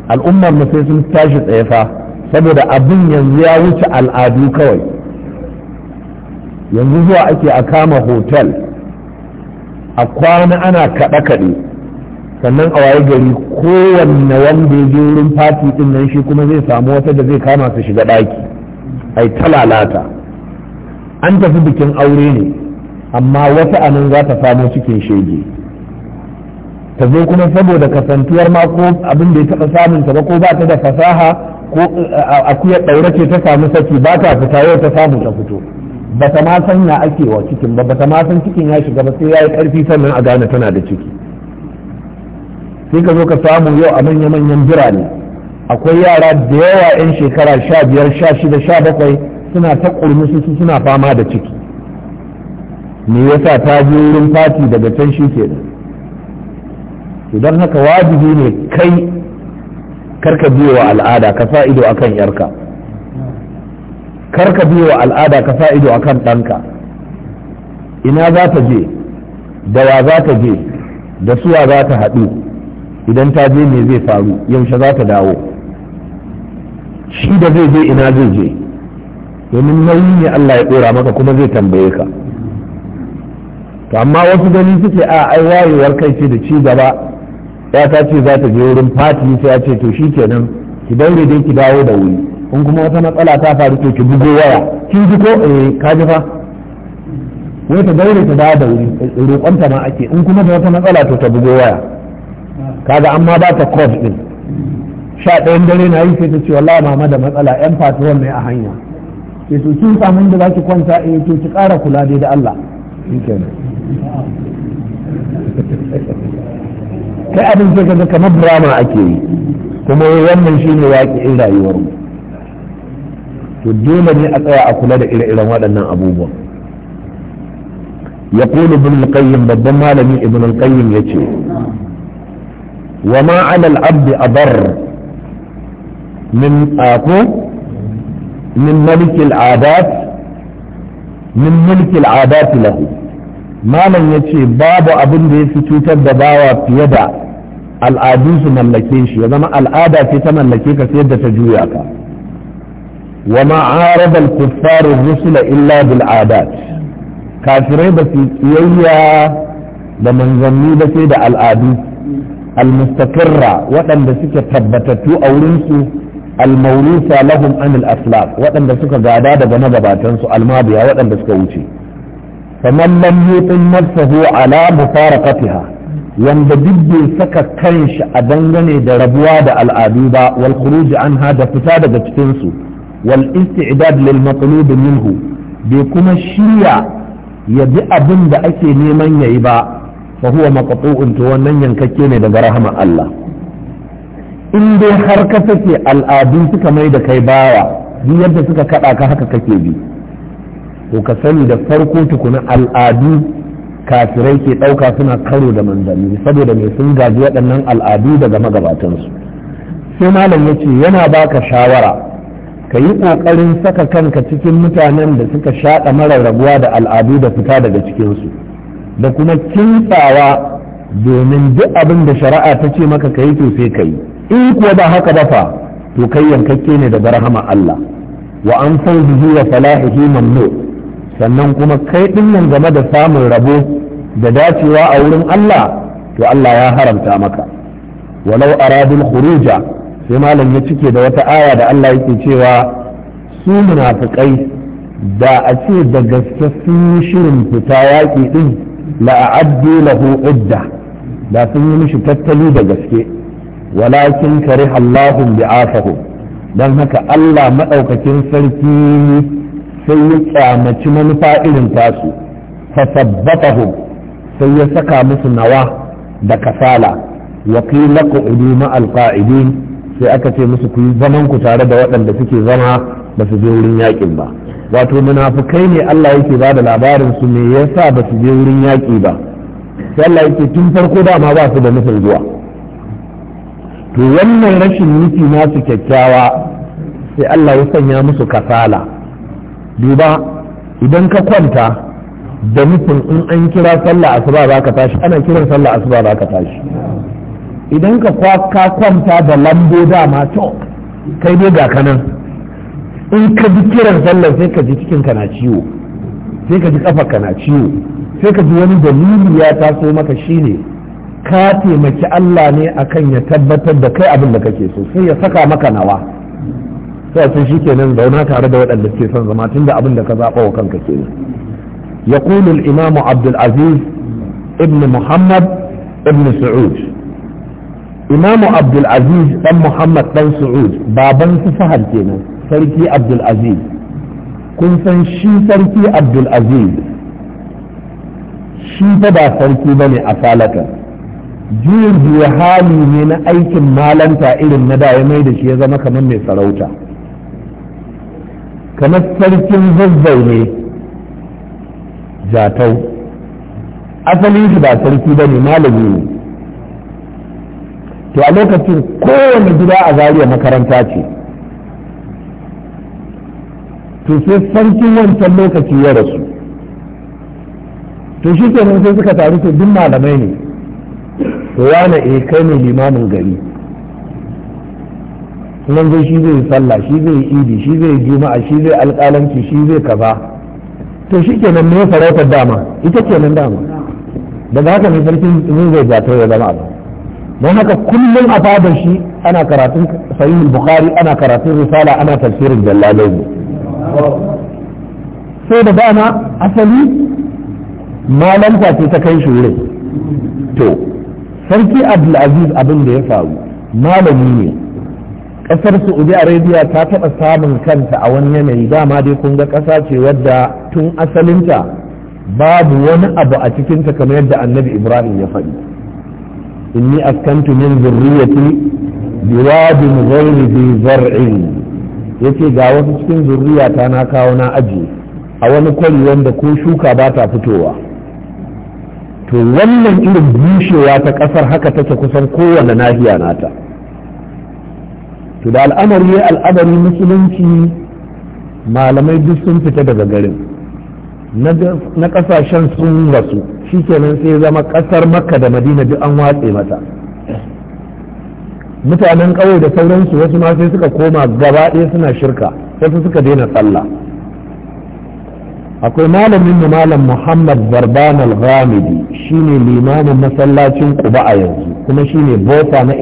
[SPEAKER 1] al'ummar mu sai sun tashi tsaye fa saboda abin yanzu ya wuce al'adu kawai yanzu zuwa ake a kama hotel a kwana ana kaɗe-kaɗe sannan a waye gari kowanne wanda ya je wurin fati ɗin nan shi kuma zai samu wata da zai kama su shiga ɗaki ai lalata. an tafi bikin aure ne amma wata anan za ta samo cikin shege ta zo kuma saboda kasantuwar ma ko abin da ya taɓa samun ta ba ko ba ta da fasaha ko akuyar ɗaure ce ta samu saki ba ta fita yau ta samu ta fito ba ta ma san ya ake wa cikin ba ba ta ma san cikin ya shiga ba sai ya yi ƙarfi sannan a gane tana da ciki sai ka zo ka samu yau a manya manyan birane akwai yara da yawa 'yan shekara sha biyar sha shida sha bakwai suna ta ƙurmusu suna fama da ciki me yasa ta je wurin fati daga can shi ke nan? idan haka wajibi ne kai karka biyo wa al'ada ka sa ido akan yarka karka biyo wa al'ada ka sa ido akan ɗanka ina za ta je da wa za ta je da suwa za ta haɗu idan ta je me zai faru yaushe za ta dawo shi da zai je ina zai je domin nauyi ne Allah ya ɗora maka kuma zai tambaye ka to amma wasu gani suke a ai wayewar kai ce da ci gaba ya ta ce za ta je wurin fati sai ya ce to shi kenan ki daure dai ki dawo da wuri in kuma wata matsala ta faru to ki bugo waya kin ji ko eh ka ji fa wai ta daure ta dawo da wuri roƙonta ma ake in kuma wata matsala to ta bugo waya kaga amma ba ta kof din sha ɗayan dare na yi sai ta ce wallahi mama da matsala yan fatuwan ne a hanya ke to kin samu inda ki kwanta eh to ki ƙara kula dai da Allah shikenan kai abin sai kaga kamar drama ake yi kuma wannan shi ne waƙi'in rayuwar mu to dole ne a tsaya a kula da ire-iren waɗannan abubuwan ya kulu ibn al-qayyim babban malami ibn al-qayyim yace wa ma 'ala al-abd adar min aku min malik al-adat min malik adat lahu malam ya ce babu abin da ya fi cutar da bawa fiye da al'adu su mallake shi ya zama al'ada ce ta mallake ka sai da ta juya ka wa ma'arab al-kuffar rusula illa bil adat kafirai ba su tsiyayya da manzanni ba sai da al'adu al-mustaqirra waɗanda suke tabbatattu a wurin al-mawrusa lahum an al-aslaf waɗanda suka gada daga magabatansu al-madiya waɗanda suka wuce faman lam yuqim nafsahu ala mufaraqatiha wanda duk bai saka kanshi a dangane da rabuwa da al'adu ba wal khuruj anha da fita daga cikin su wal isti'dad lil maqlub minhu bai kuma shirya ya bi abin da ake neman yayi ba fa huwa maqtu'un to wannan yankakke ne daga rahama Allah in dai har ka sake al'adu suka mai da kai bawa duk yadda suka kada ka haka kake bi to ka sani da farko tukuna al'adu kafirai ke ɗauka suna karo da manzanni saboda mai sun gaji waɗannan al'adu daga magabatansu sai malam ya ce yana baka shawara ka yi ƙoƙarin saka kanka cikin mutanen da suka shaɗa marar rabuwa da al'adu da fita daga cikinsu da kuma kintsawa domin duk abin da shari'a ta ce maka ka yi to sai ka yi in kuwa ba haka ba fa to kai yankakke ne da barhama Allah wa an fawzihi wa falahihi mamnu sannan kuma kai ɗin nan game da samun rabo da dacewa a wurin Allah to Allah ya haramta maka walau aradul khuruja sai malam ya cike da wata aya da Allah yake cewa su munafiqai da a ce da gaske sun yi shirin fita yaƙi ɗin la'addu lahu idda da sun yi mishi tattali da gaske walakin kare Allahun bi'afahu don haka Allah maɗaukakin sarki sai ya kyamaci manufa irin tasu fasabbatahum sai ya saka musu nawa da kasala wa qila qu'udu ma'al qa'idin sai aka ce musu ku yi zaman ku tare da waɗanda suke zama ba su je wurin yaƙin ba wato munafukai ne Allah yake ba da labarin su me yasa ba su je wurin yaƙi ba sai Allah yake tun farko dama ba su da nufin zuwa to wannan rashin nufi nasu kyakkyawa sai Allah ya sanya musu kasala duba idan ka kwanta da nufin in an kira sallah asuba za ka tashi ana kiran sallah asuba za ka tashi idan ka ka kwanta da lambo dama to kai dai ga kanan in ka ji kiran sallah sai ka ji cikin na ciwo sai ka ji ka na ciwo sai ka ji wani dalili ya taso maka shine ka taimaki Allah ne akan ya tabbatar da kai abin da kake so sai ya saka maka nawa sai sun shi kenan zauna tare da waɗanda ke son zama tunda abin da ka zaɓa wa kanka kenan ya الإمام عبد abdulaziz ibn muhammad ibn suud إمام abdulaziz ɗan muhammad ɗan suud baban su سفهد كينا سركي عبد kun san shi sarki abdulaziz shi fa ba sarki ba ne a salata juyin hali ne na aikin malanta irin na da ya mai da shi ya zama kamar mai sarauta kamar sarkin zazzau ne jatau asali shi ba sarki ba ne malami ne to a lokacin kowane gida a zariya makaranta ce to sai sarkin wancan lokaci ya rasu to shi kenan sai suka taru to duk malamai ne to wane eh kai ne limamin gari nan zai shi zai sallah shi zai idi shi zai juma'a shi zai alƙalanci shi zai kaza to shi kenan ne farautar dama ita kenan dama daga haka mai sarki zai zai jata ya zama abu don haka kullum a fadar shi ana karatun sahihul bukhari ana karatun risala ana tafsirin jallalai sai da dama asali malanta ce ta kai shi wurin to sarki abdulaziz abin da ya faru malami ne kasar saudi arabia ta taba samun kanta a wani yanayi dama dai kun ga ƙasa ce wadda tun asalinta babu wani abu a cikinta kamar yadda annabi ibrahim ya faɗi inni askantu min zurriyati biwadin ghairi bi zar'in yace ga wasu cikin zurriyata na kawo na aji a wani kwari wanda ko shuka ba ta fitowa to wannan irin bushewa ta kasar haka take kusan kowane nahiya nata to da al'amari al'amari musulunci malamai duk sun fita daga garin na kasashen sun rasu shi kenan sai zama kasar makka da madina duk an watse mata mutanen ƙauye da sauransu wasu ma sai suka koma gaba ɗaya suna shirka wasu suka daina sallah akwai malamin mu malam muhammad zarban al-ghamidi shine limamin masallacin quba a yanzu kuma ne bofa na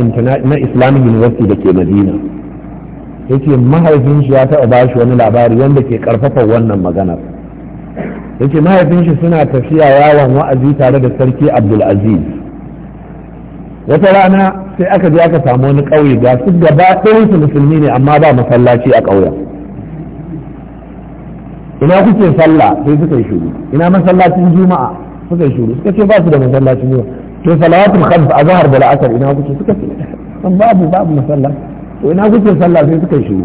[SPEAKER 1] islamic university da ke madina yake mahaifin shi ya taɓa ba shi wani labari wanda ke karfafa wannan maganar yake mahaifin shi suna tafiya yawon wa'azi tare da sarki abdulaziz wata rana sai aka je aka samu wani ƙauye ga su gaba ɗayansu musulmi ne amma ba masallaci a ƙauyen ina kuke sallah sai suka yi shuru ina masallacin juma'a suka yi shuru suka ce ba su da masallacin juma'a to salawatul khams a zahar da la'asar ina kuke suka ce san babu babu musalla to ina kuke sallah sai suka shiru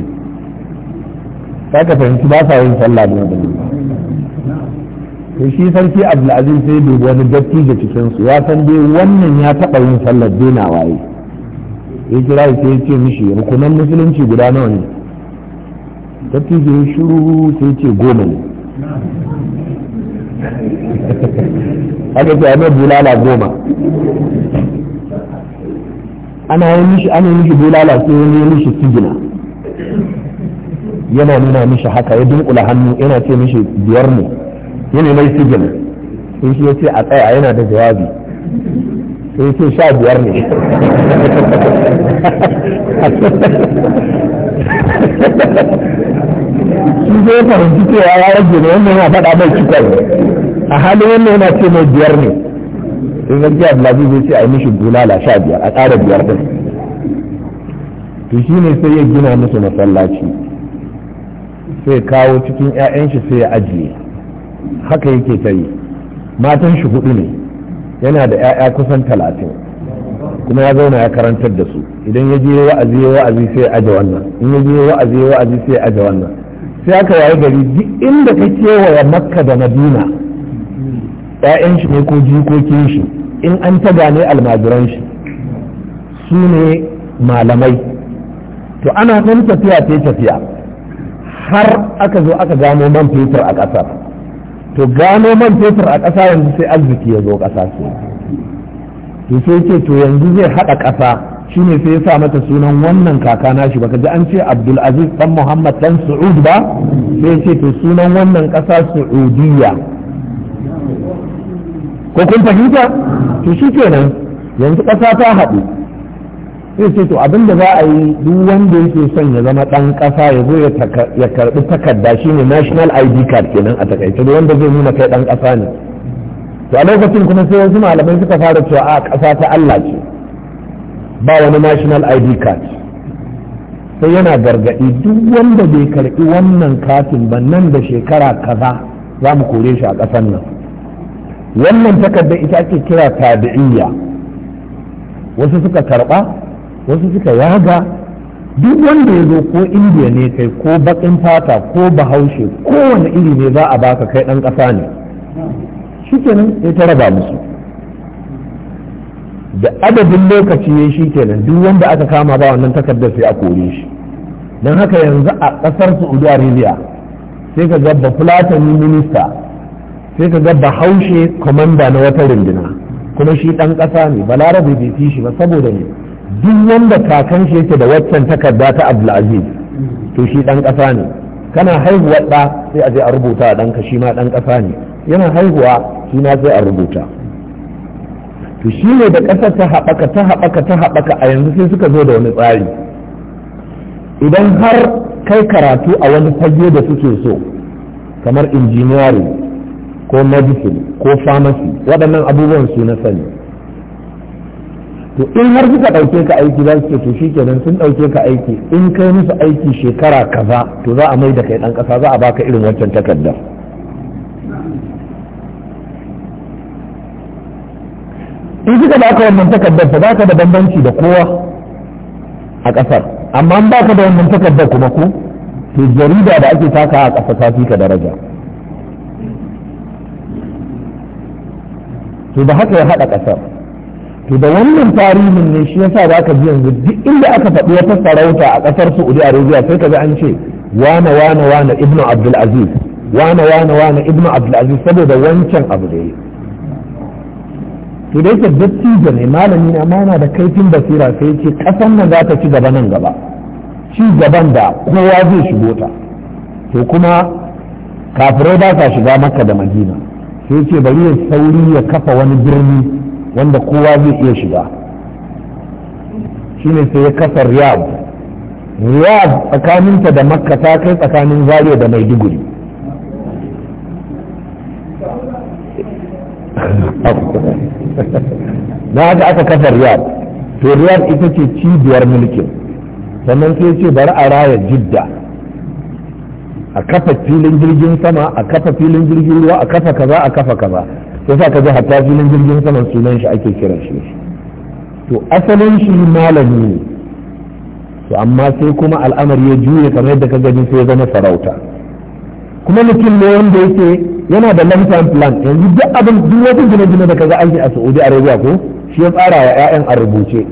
[SPEAKER 1] za ka fahimci ba sa yin sallah ne da to shi sarki abdulaziz sai dubi wani dattijo cikin su ya san dai wannan ya taba yin sallar dina waye ya kira shi sai ya ce mishi rukunan musulunci guda nawa ne dattijo ya shiru sai ya ce goma ne
[SPEAKER 2] kaga ce mai bulala goma
[SPEAKER 1] ana yi mishi ana mishi bulala sai wani mishi yana nuna mishi haka ya dunkula hannu yana ce mishi biyar ne yana mai sai shi ya a tsaya yana da jawabi sai ce sha biyar ne shi zai fahimci cewa ya rage ne wannan yana faɗa mai cikar a halin wannan yana ce mai biyar ne in zan ji abdulaziz zai ce a yi mishi bulala sha biyar a ƙara biyar ɗin to shi ne sai ya gina musu masallaci sai kawo cikin 'ya'yan shi sai ya ajiye haka yake ta yi matan shi hudu ne yana da 'ya'ya kusan talatin kuma ya zauna ya karantar da su idan ya je wa'azi ya wa'azi sai ya aje wannan in ya je wa'azi ya wa'azi sai ya aje wannan sai aka yayi gari duk inda ka kewaye makka da madina ‘ya'yan shi ne ko jikokin shi in an taga ne almajiran shi su ne malamai to ana nan tafiya ta tafiya har aka zo aka gano man fetur a ƙasar to gano man fetur a ƙasa yanzu sai arziki ya zo ƙasa su to sai ce to yanzu zai haɗa ƙasa ne sai ya sa mata sunan wannan kaka nashi baka ji an ce Abdul Aziz dan Muhammad dan su'ud ba sai ya ce to sunan wannan kasa suudiyya.
[SPEAKER 2] ko kun fahimta to
[SPEAKER 1] kenan yanzu kasa ta haɗu sai ce to abin da za a yi duk wanda yake son ya zama dan kasa ya zo ya karbi takarda shine national ID card kenan a takaice wanda zai nuna kai dan kasa ne to a lokacin kuma sai wasu malamai suka fara cewa a kasa ta Allah ce ba wani national id card sai yana gargaɗi duk wanda bai karɓi wannan katin ba nan da shekara kaza za mu kore shi a ƙasan nan wannan takarda ita ake kira tabi'iyya wasu suka karɓa wasu suka yaga duk wanda ya zo ko indiya ne kai ko baƙin fata ko bahaushe kowane iri ne za a baka kai ɗan ƙasa ne shikenan ya ta raba musu da adadin lokaci ya shi kenan duk wanda aka kama ba wannan takardar sai a kore shi don haka yanzu a ƙasar saudi arabia sai ka ga ba fulatani minista sai ka ga ba haushe kwamanda na wata runduna kuma shi ɗan kasa ne balarabe bai fi shi ba saboda ne duk wanda kakan shi yake da waccan takarda ta abdulaziz to shi dan kasa ne kana haihuwar da sai a je a rubuta a ɗanka shi ma ɗan ƙasa ne yana haihuwa shi ma sai a rubuta to shi ne da ƙasa ta haɓaka ta haɓaka ta haɓaka a yanzu sai suka zo da wani tsari idan har kai karatu a wani fage da suke so kamar injiniyari ko medicine ko pharmacy waɗannan abubuwan su na sani to in har suka ɗauke ka aiki za su ce to shikenan sun ɗauke ka aiki in kai musu aiki shekara kaza to za a mai da kai ɗan ƙasa za a baka irin wancan takardar in kika ba ka wannan takardar ba ka da bambanci da kowa a ƙasar amma an ba ka da wannan takardar kuma ku to jarida da ake taka a ƙasa ta fi ka daraja to da haka ya haɗa ƙasar to da wannan tarihin ne shi yasa za ka ji yanzu duk inda aka faɗi wata sarauta a ƙasar Saudi Arabia sai ka ga an ce wane wane wane ibnu Abdul Aziz wane wane wane ibnu Abdul Aziz saboda wancan abu da to da yake dattijo ne malami na mana da kaifin basira sai ce kasan nan za ta ci gaba nan gaba ci gaban da kowa zai shigo ta to kuma kafirai ba sa shiga maka da madina sai ce bari ya sauri ya kafa wani birni wanda kowa zai iya shiga shine sai ya kafa riyad riyad tsakaninta da makka ta kai tsakanin zariya da maiduguri na haka aka kafa riyad to riyad ita ce cibiyar mulkin sannan sai ce bari a raya jidda a kafa filin jirgin sama a kafa filin jirgin ruwa a kafa kaza a kafa kaza sai sa ka ji hatta filin jirgin sama sunan shi ake kiran shi to asalin shi malami ne to amma sai kuma al'amari ya juye kamar yadda ka gani sai ya zama sarauta kuma mutum ne wanda yake yana da long term plan yanzu duk abin duk wata gine-gine da kaga an a Saudi Arabia ko shi ya tsara wa ƴaƴan a rubuce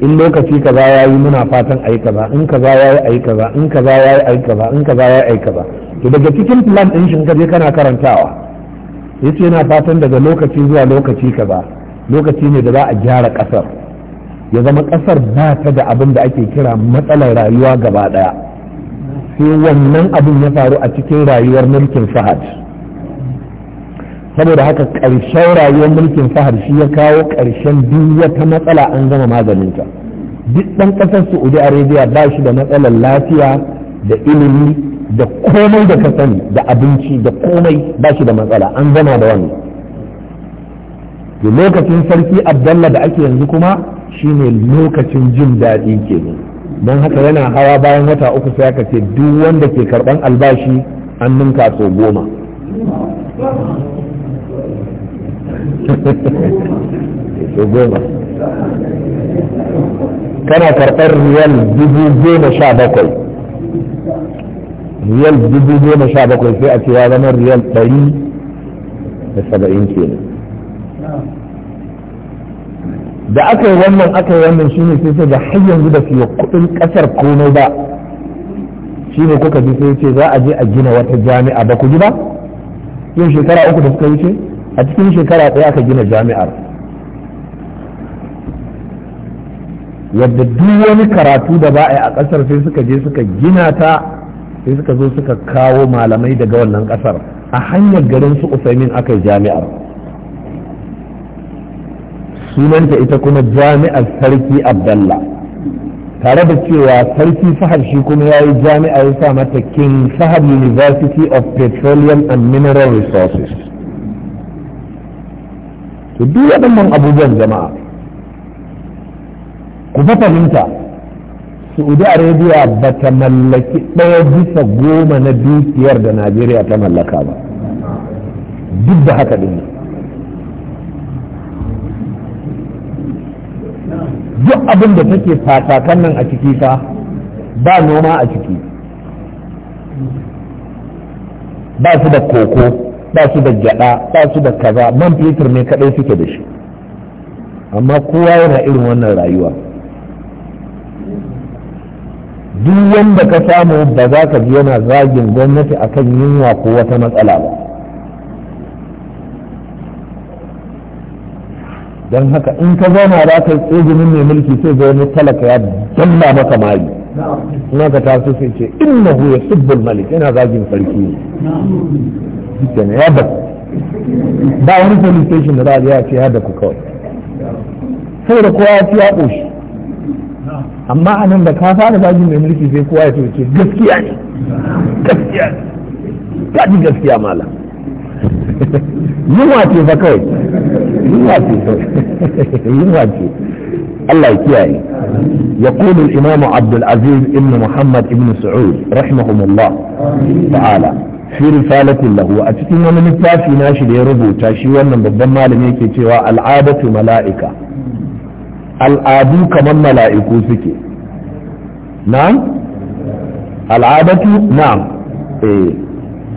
[SPEAKER 1] in lokaci kaza yayi muna fatan ayi kaza in kaza yayi ayi kaza in kaza yayi ayi kaza in kaza yayi ayi kaza to daga cikin plan din shin kaje kana karantawa yace yana fatan daga lokaci zuwa lokaci kaza lokaci ne da za a gyara kasar ya zama kasar ba ta da abin da ake kira matsalar rayuwa gaba daya sai wannan abin ya faru a cikin rayuwar mulkin fahad saboda haka ƙarshen rayuwar mulkin fahar shi ya kawo ƙarshen duk wata matsala an maganin maganinta duk ɗan ƙasar saudi arabia ba shi da matsalar lafiya da ilimi da komai da ka da abinci da komai ba shi da matsala an zama da wani lokacin sarki abdallah da ake yanzu kuma shine lokacin jin daɗi kenan don haka yana hawa bayan wata uku sai aka ce duk wanda ke karɓan albashi an ninka sau goma so goma kana karɓar riyal dubu goma sha bakwai riyal dubu goma sha bakwai sai a ce ya zama riyal ɗari da saba'in kenan da aka yi wannan aka yi wannan shine sai sai da har yanzu da fiye kuɗin ƙasar komai ba shine kuka ji sai ce za a je a gina wata jami'a ba ku ji ba yin shekara uku da suka wuce a cikin shekara ɗaya aka gina jami'ar yadda duk wani karatu da ba a yi a ƙasar sai suka je suka gina ta sai suka zo suka kawo malamai daga wannan ƙasar a hanyar garin su usaimin aka yi jami'ar sunanta ita kuma jami'ar sarki abdallah tare da cewa sarki fahad shi kuma ya yi jami'a ya sa mata king university of petroleum and mineral resources to duk waɗannan abubuwan jama'a ku fa fahimta saudi arabia ba ta mallaki ɗaya bisa goma na dukiyar da najeriya ta mallaka ba duk da haka ɗin duk abin da take fatakan nan a ciki ta ba noma a ciki ba su da koko ba su da gyada ba su da kaza man fetur ne kadai suke da shi amma kowa yana irin wannan rayuwa duk wanda ka samu ba za ka ji yana zagin gwamnati akan yunwa ko wata matsala ba don haka in ka zama za ka tseginin mai mulki sai zai wani talaka ya dalla maka mali na ka taso sai ce innahu huye subbul malik yana zagin sarki
[SPEAKER 2] ne
[SPEAKER 1] kenan ya baku ba wani police station da za a je a ce ya baku kawai saboda kowa ya ci ya ƙoshi amma a nan da ka fara zagin mai mulki sai kowa ya ce gaskiya ne gaskiya ne ta ji gaskiya mala yunwa ce fa kawai yunwa ce kawai yunwa ce الله يكيعي يقول الإمام عبد العزيز ابن محمد ابن سعود رحمهم الله تعالى fi risalatin lahu a cikin wani littafi nashi da ya rubuta shi wannan babban malami yake cewa al'adatu mala'ika al'adu kamar mala'iku suke na'am al'adatu na'am eh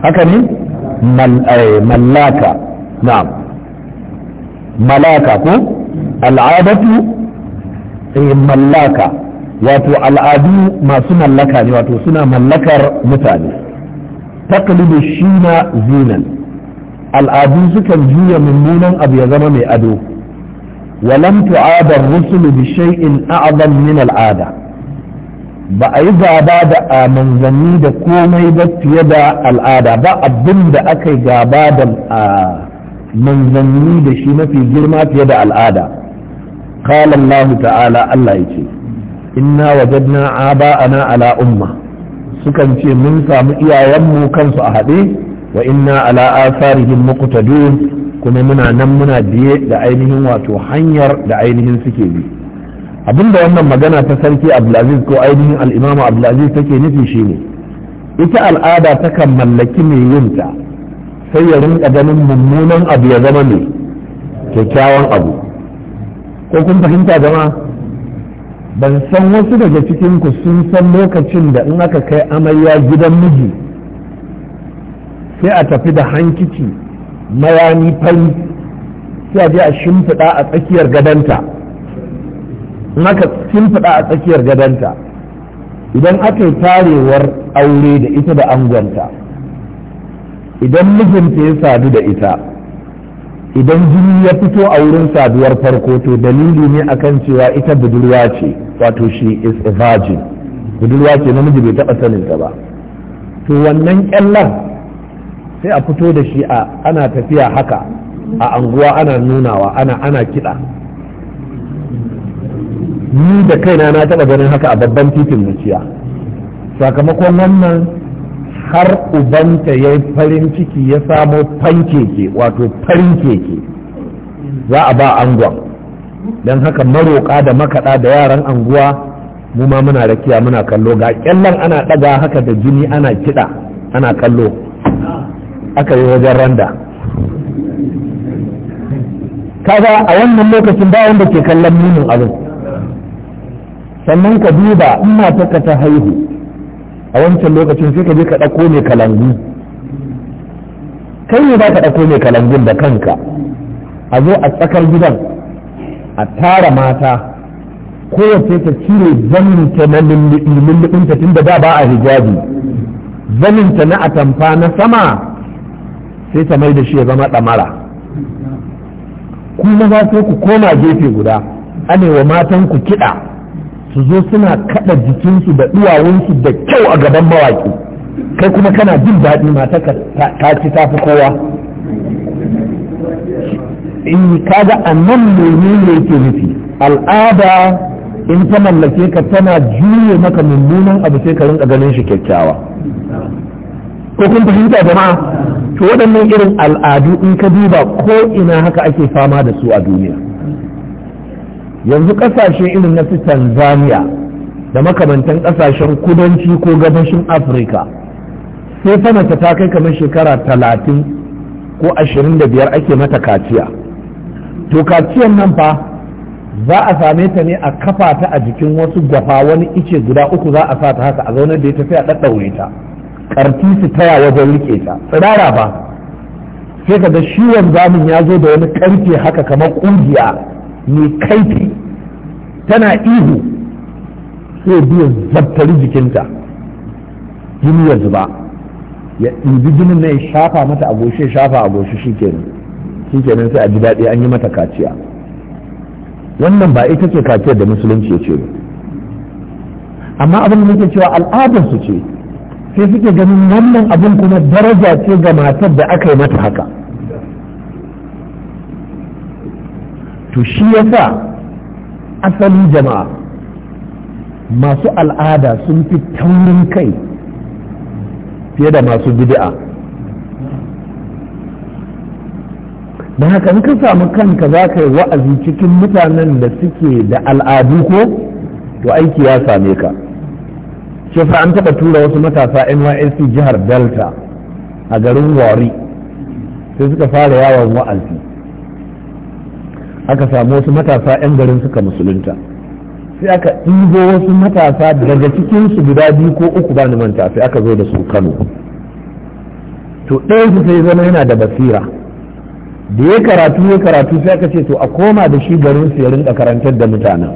[SPEAKER 1] haka ne eh, mallaka na'am malaka ko al'adatu eh mallaka wato al'adu masu mallaka ne wato suna mallakar mutane shi shina zinan al'adu sukan juya mummunan abu ya zama mai ado walam tu'ada rusulu bi shay'in a'zam min al'ada ba a yi gaba da manzanni da komai ba fiye da al'ada ba abin da aka yi gaba da manzanni da shi mafi girma fiye da al'ada Allah الله تعالى الله يجي إنا a آباءنا ala umma sukan ce mun samu iyayenmu kansu a haɗe wa inna ala asarihim muqtadun kuma muna nan muna biye da ainihin wato hanyar da ainihin suke bi abinda wannan magana ta sarki abdulaziz ko ainihin al'imamu abdulaziz take nufi shine ita al'ada takan mallaki mai yinta sai ya rinka ganin mummunan abu ya zama mai
[SPEAKER 2] kyakkyawan abu
[SPEAKER 1] ko kun fahimta jama'a ban san wasu daga cikinku sun san lokacin da in aka kai amarya gidan miji sai a tafi da hankici mayani fari sai a je a shimfiɗa a tsakiyar gadanta in aka shimfiɗa a tsakiyar gadanta idan aka yi tarewar aure da ita da angonta idan mijinta ya sadu da ita idan jini ya fito a wurin saduwar farko to dalili ne a kan cewa ita budurwa ce wato shi is a virgin budurwa ce namiji bai taɓa sanin ta ba to wannan kyallar sai a fito da shi a ana tafiya haka a anguwa ana nunawa ana ana kiɗa ni da kaina na taɓa ganin haka a babban titin maciya. sakamakon wannan har ubanta ya yi farin ciki ya samo fankeke wato farin keke za a ba angon don haka maroƙa da makaɗa da yaran anguwa mu ma muna rakiya muna kallo ga ƙyallen ana ɗaga haka da jini ana kiɗa ana kallo aka yi wajen randa kaza a wannan lokacin ba wanda ke kallon munin abin sannan ka duba in matarka ta haihu a wancan lokacin sai ka je ka ɗauko mai kalangu kai ne za ka ɗauko mai kalangun da kanka a zo a tsakar gidan a tara mata kowace ta cire zaninta na lulluɓinta tun da ba a hijabi zaninta na atamfa na sama sai ta mai da shi ya zama ɗamara kuma za ku koma gefe guda anewa matan ku kiɗa su zo suna kada jikinsu da duwawunsu da kyau a gaban mawaki kai kuma kana jin daɗi mata ta ci ta fi kowa in kaga annan nan ne yake nufi al'ada in ta mallake ka tana juye maka mummunan abu sai ka rinka ganin shi kyakkyawa ko kun fahimta jama'a to waɗannan irin al'adu in ka duba ko ina haka ake fama da su a duniya yanzu kasashe irin na su tanzania da makamantan kasashen kudanci ko gabashin afirka sai sama ta ta kai kamar shekara talatin ko ashirin da biyar ake mata kaciya to kaciyan nan fa za a same ta ne a kafa ta a jikin wasu gwafa wani ice guda uku za a sa ta haka a zaunar da ya tafi a ɗaɗɗaure ta ƙarfi su taya wajen riƙe ta tsirara ba sai ka ga shi zamin ya zo da wani ƙarfe haka kamar ƙungiya mai kaifi tana ihu sai biya zattari jikinta jini ya zuba ya ɗibi jinin na ya shafa mata agoshi shafa agoshi shikenan shikenan sai a ji daɗi an yi mata kaciya wannan ba ita ce kaciyar da musulunci ya ce ba amma abin da muke cewa al'adarsu ce sai suke ganin wannan abin kuma daraja ce ga matar da aka yi mata haka to shi yasa asali jama'a masu al'ada sun fi taurin kai fiye da masu bid'a da haka in ka samu kanka za ka yi wa'azi cikin mutanen da suke da al'adu ko to aiki ya same ka shi fa an taɓa tura wasu matasa nysc jihar delta a garin wari sai suka fara yawon wa'azi aka samu wasu matasa 'yan garin suka musulunta sai aka ɗigo wasu matasa daga cikinsu guda biyu ko uku ba ni manta sai aka zo da su kano to ɗaya su sai zama yana da basira da ya karatu ya karatu sai aka ce to a koma da shi garin su ya rinka karantar da mutanen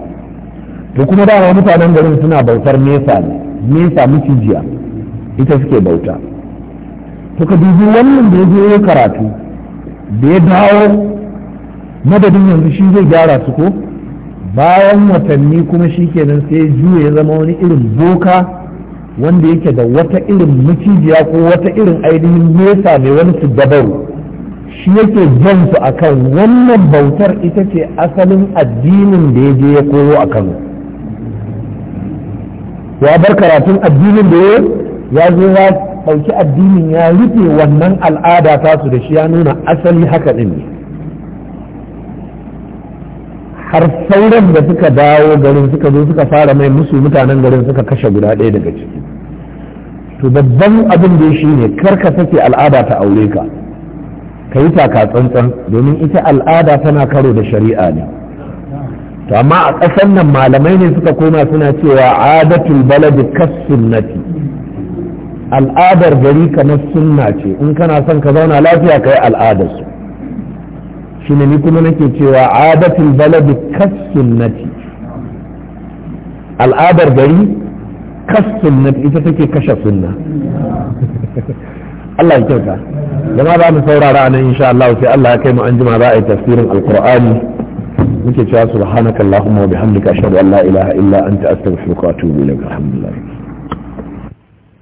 [SPEAKER 1] to kuma dama mutanen garin suna bautar nesa ne nesa macijiya ita suke bauta to ka dubi wannan da ya zo ya karatu da ya dawo madadin yanzu shi zai gyara su ko bayan watanni kuma shi kenan sai juya ya zama wani irin boka wanda yake da wata irin macijiya ko wata irin ainihin nesa mai wani su gabaru. shi yake jan su a kan wannan bautar ita ce asalin addinin da ya je ya koyo a kano ya bar karatun addinin da ya ya zo ya ɗauki addinin ya rufe wannan al'ada tasu da shi ya nuna asali haka ɗin har sauran da suka dawo garin suka zo suka fara mai musu mutanen garin suka kashe guda ɗaya daga ciki to babban abin da shi ne karka sake al'ada ta aure ka ka yi taka tsantsan domin ita al'ada tana karo da shari'a ne to amma a ƙasan nan malamai ne suka koma suna cewa adatul baladi kas al'adar gari kamar sunna ce in kana son ka zauna lafiya ka yi al'adar su shine ni kuma nake cewa adatul baladi kasunnati al'adar gari kasunnati ita take kashe sunna Allah ya kyauta jama'a za mu saurara anan insha Allah sai Allah ya kai mu anjima za a yi tafsirin alqur'ani muke cewa
[SPEAKER 2] subhanakallahumma wa bihamdika ashhadu an la ilaha illa anta astaghfiruka wa atubu ilaik alhamdulillah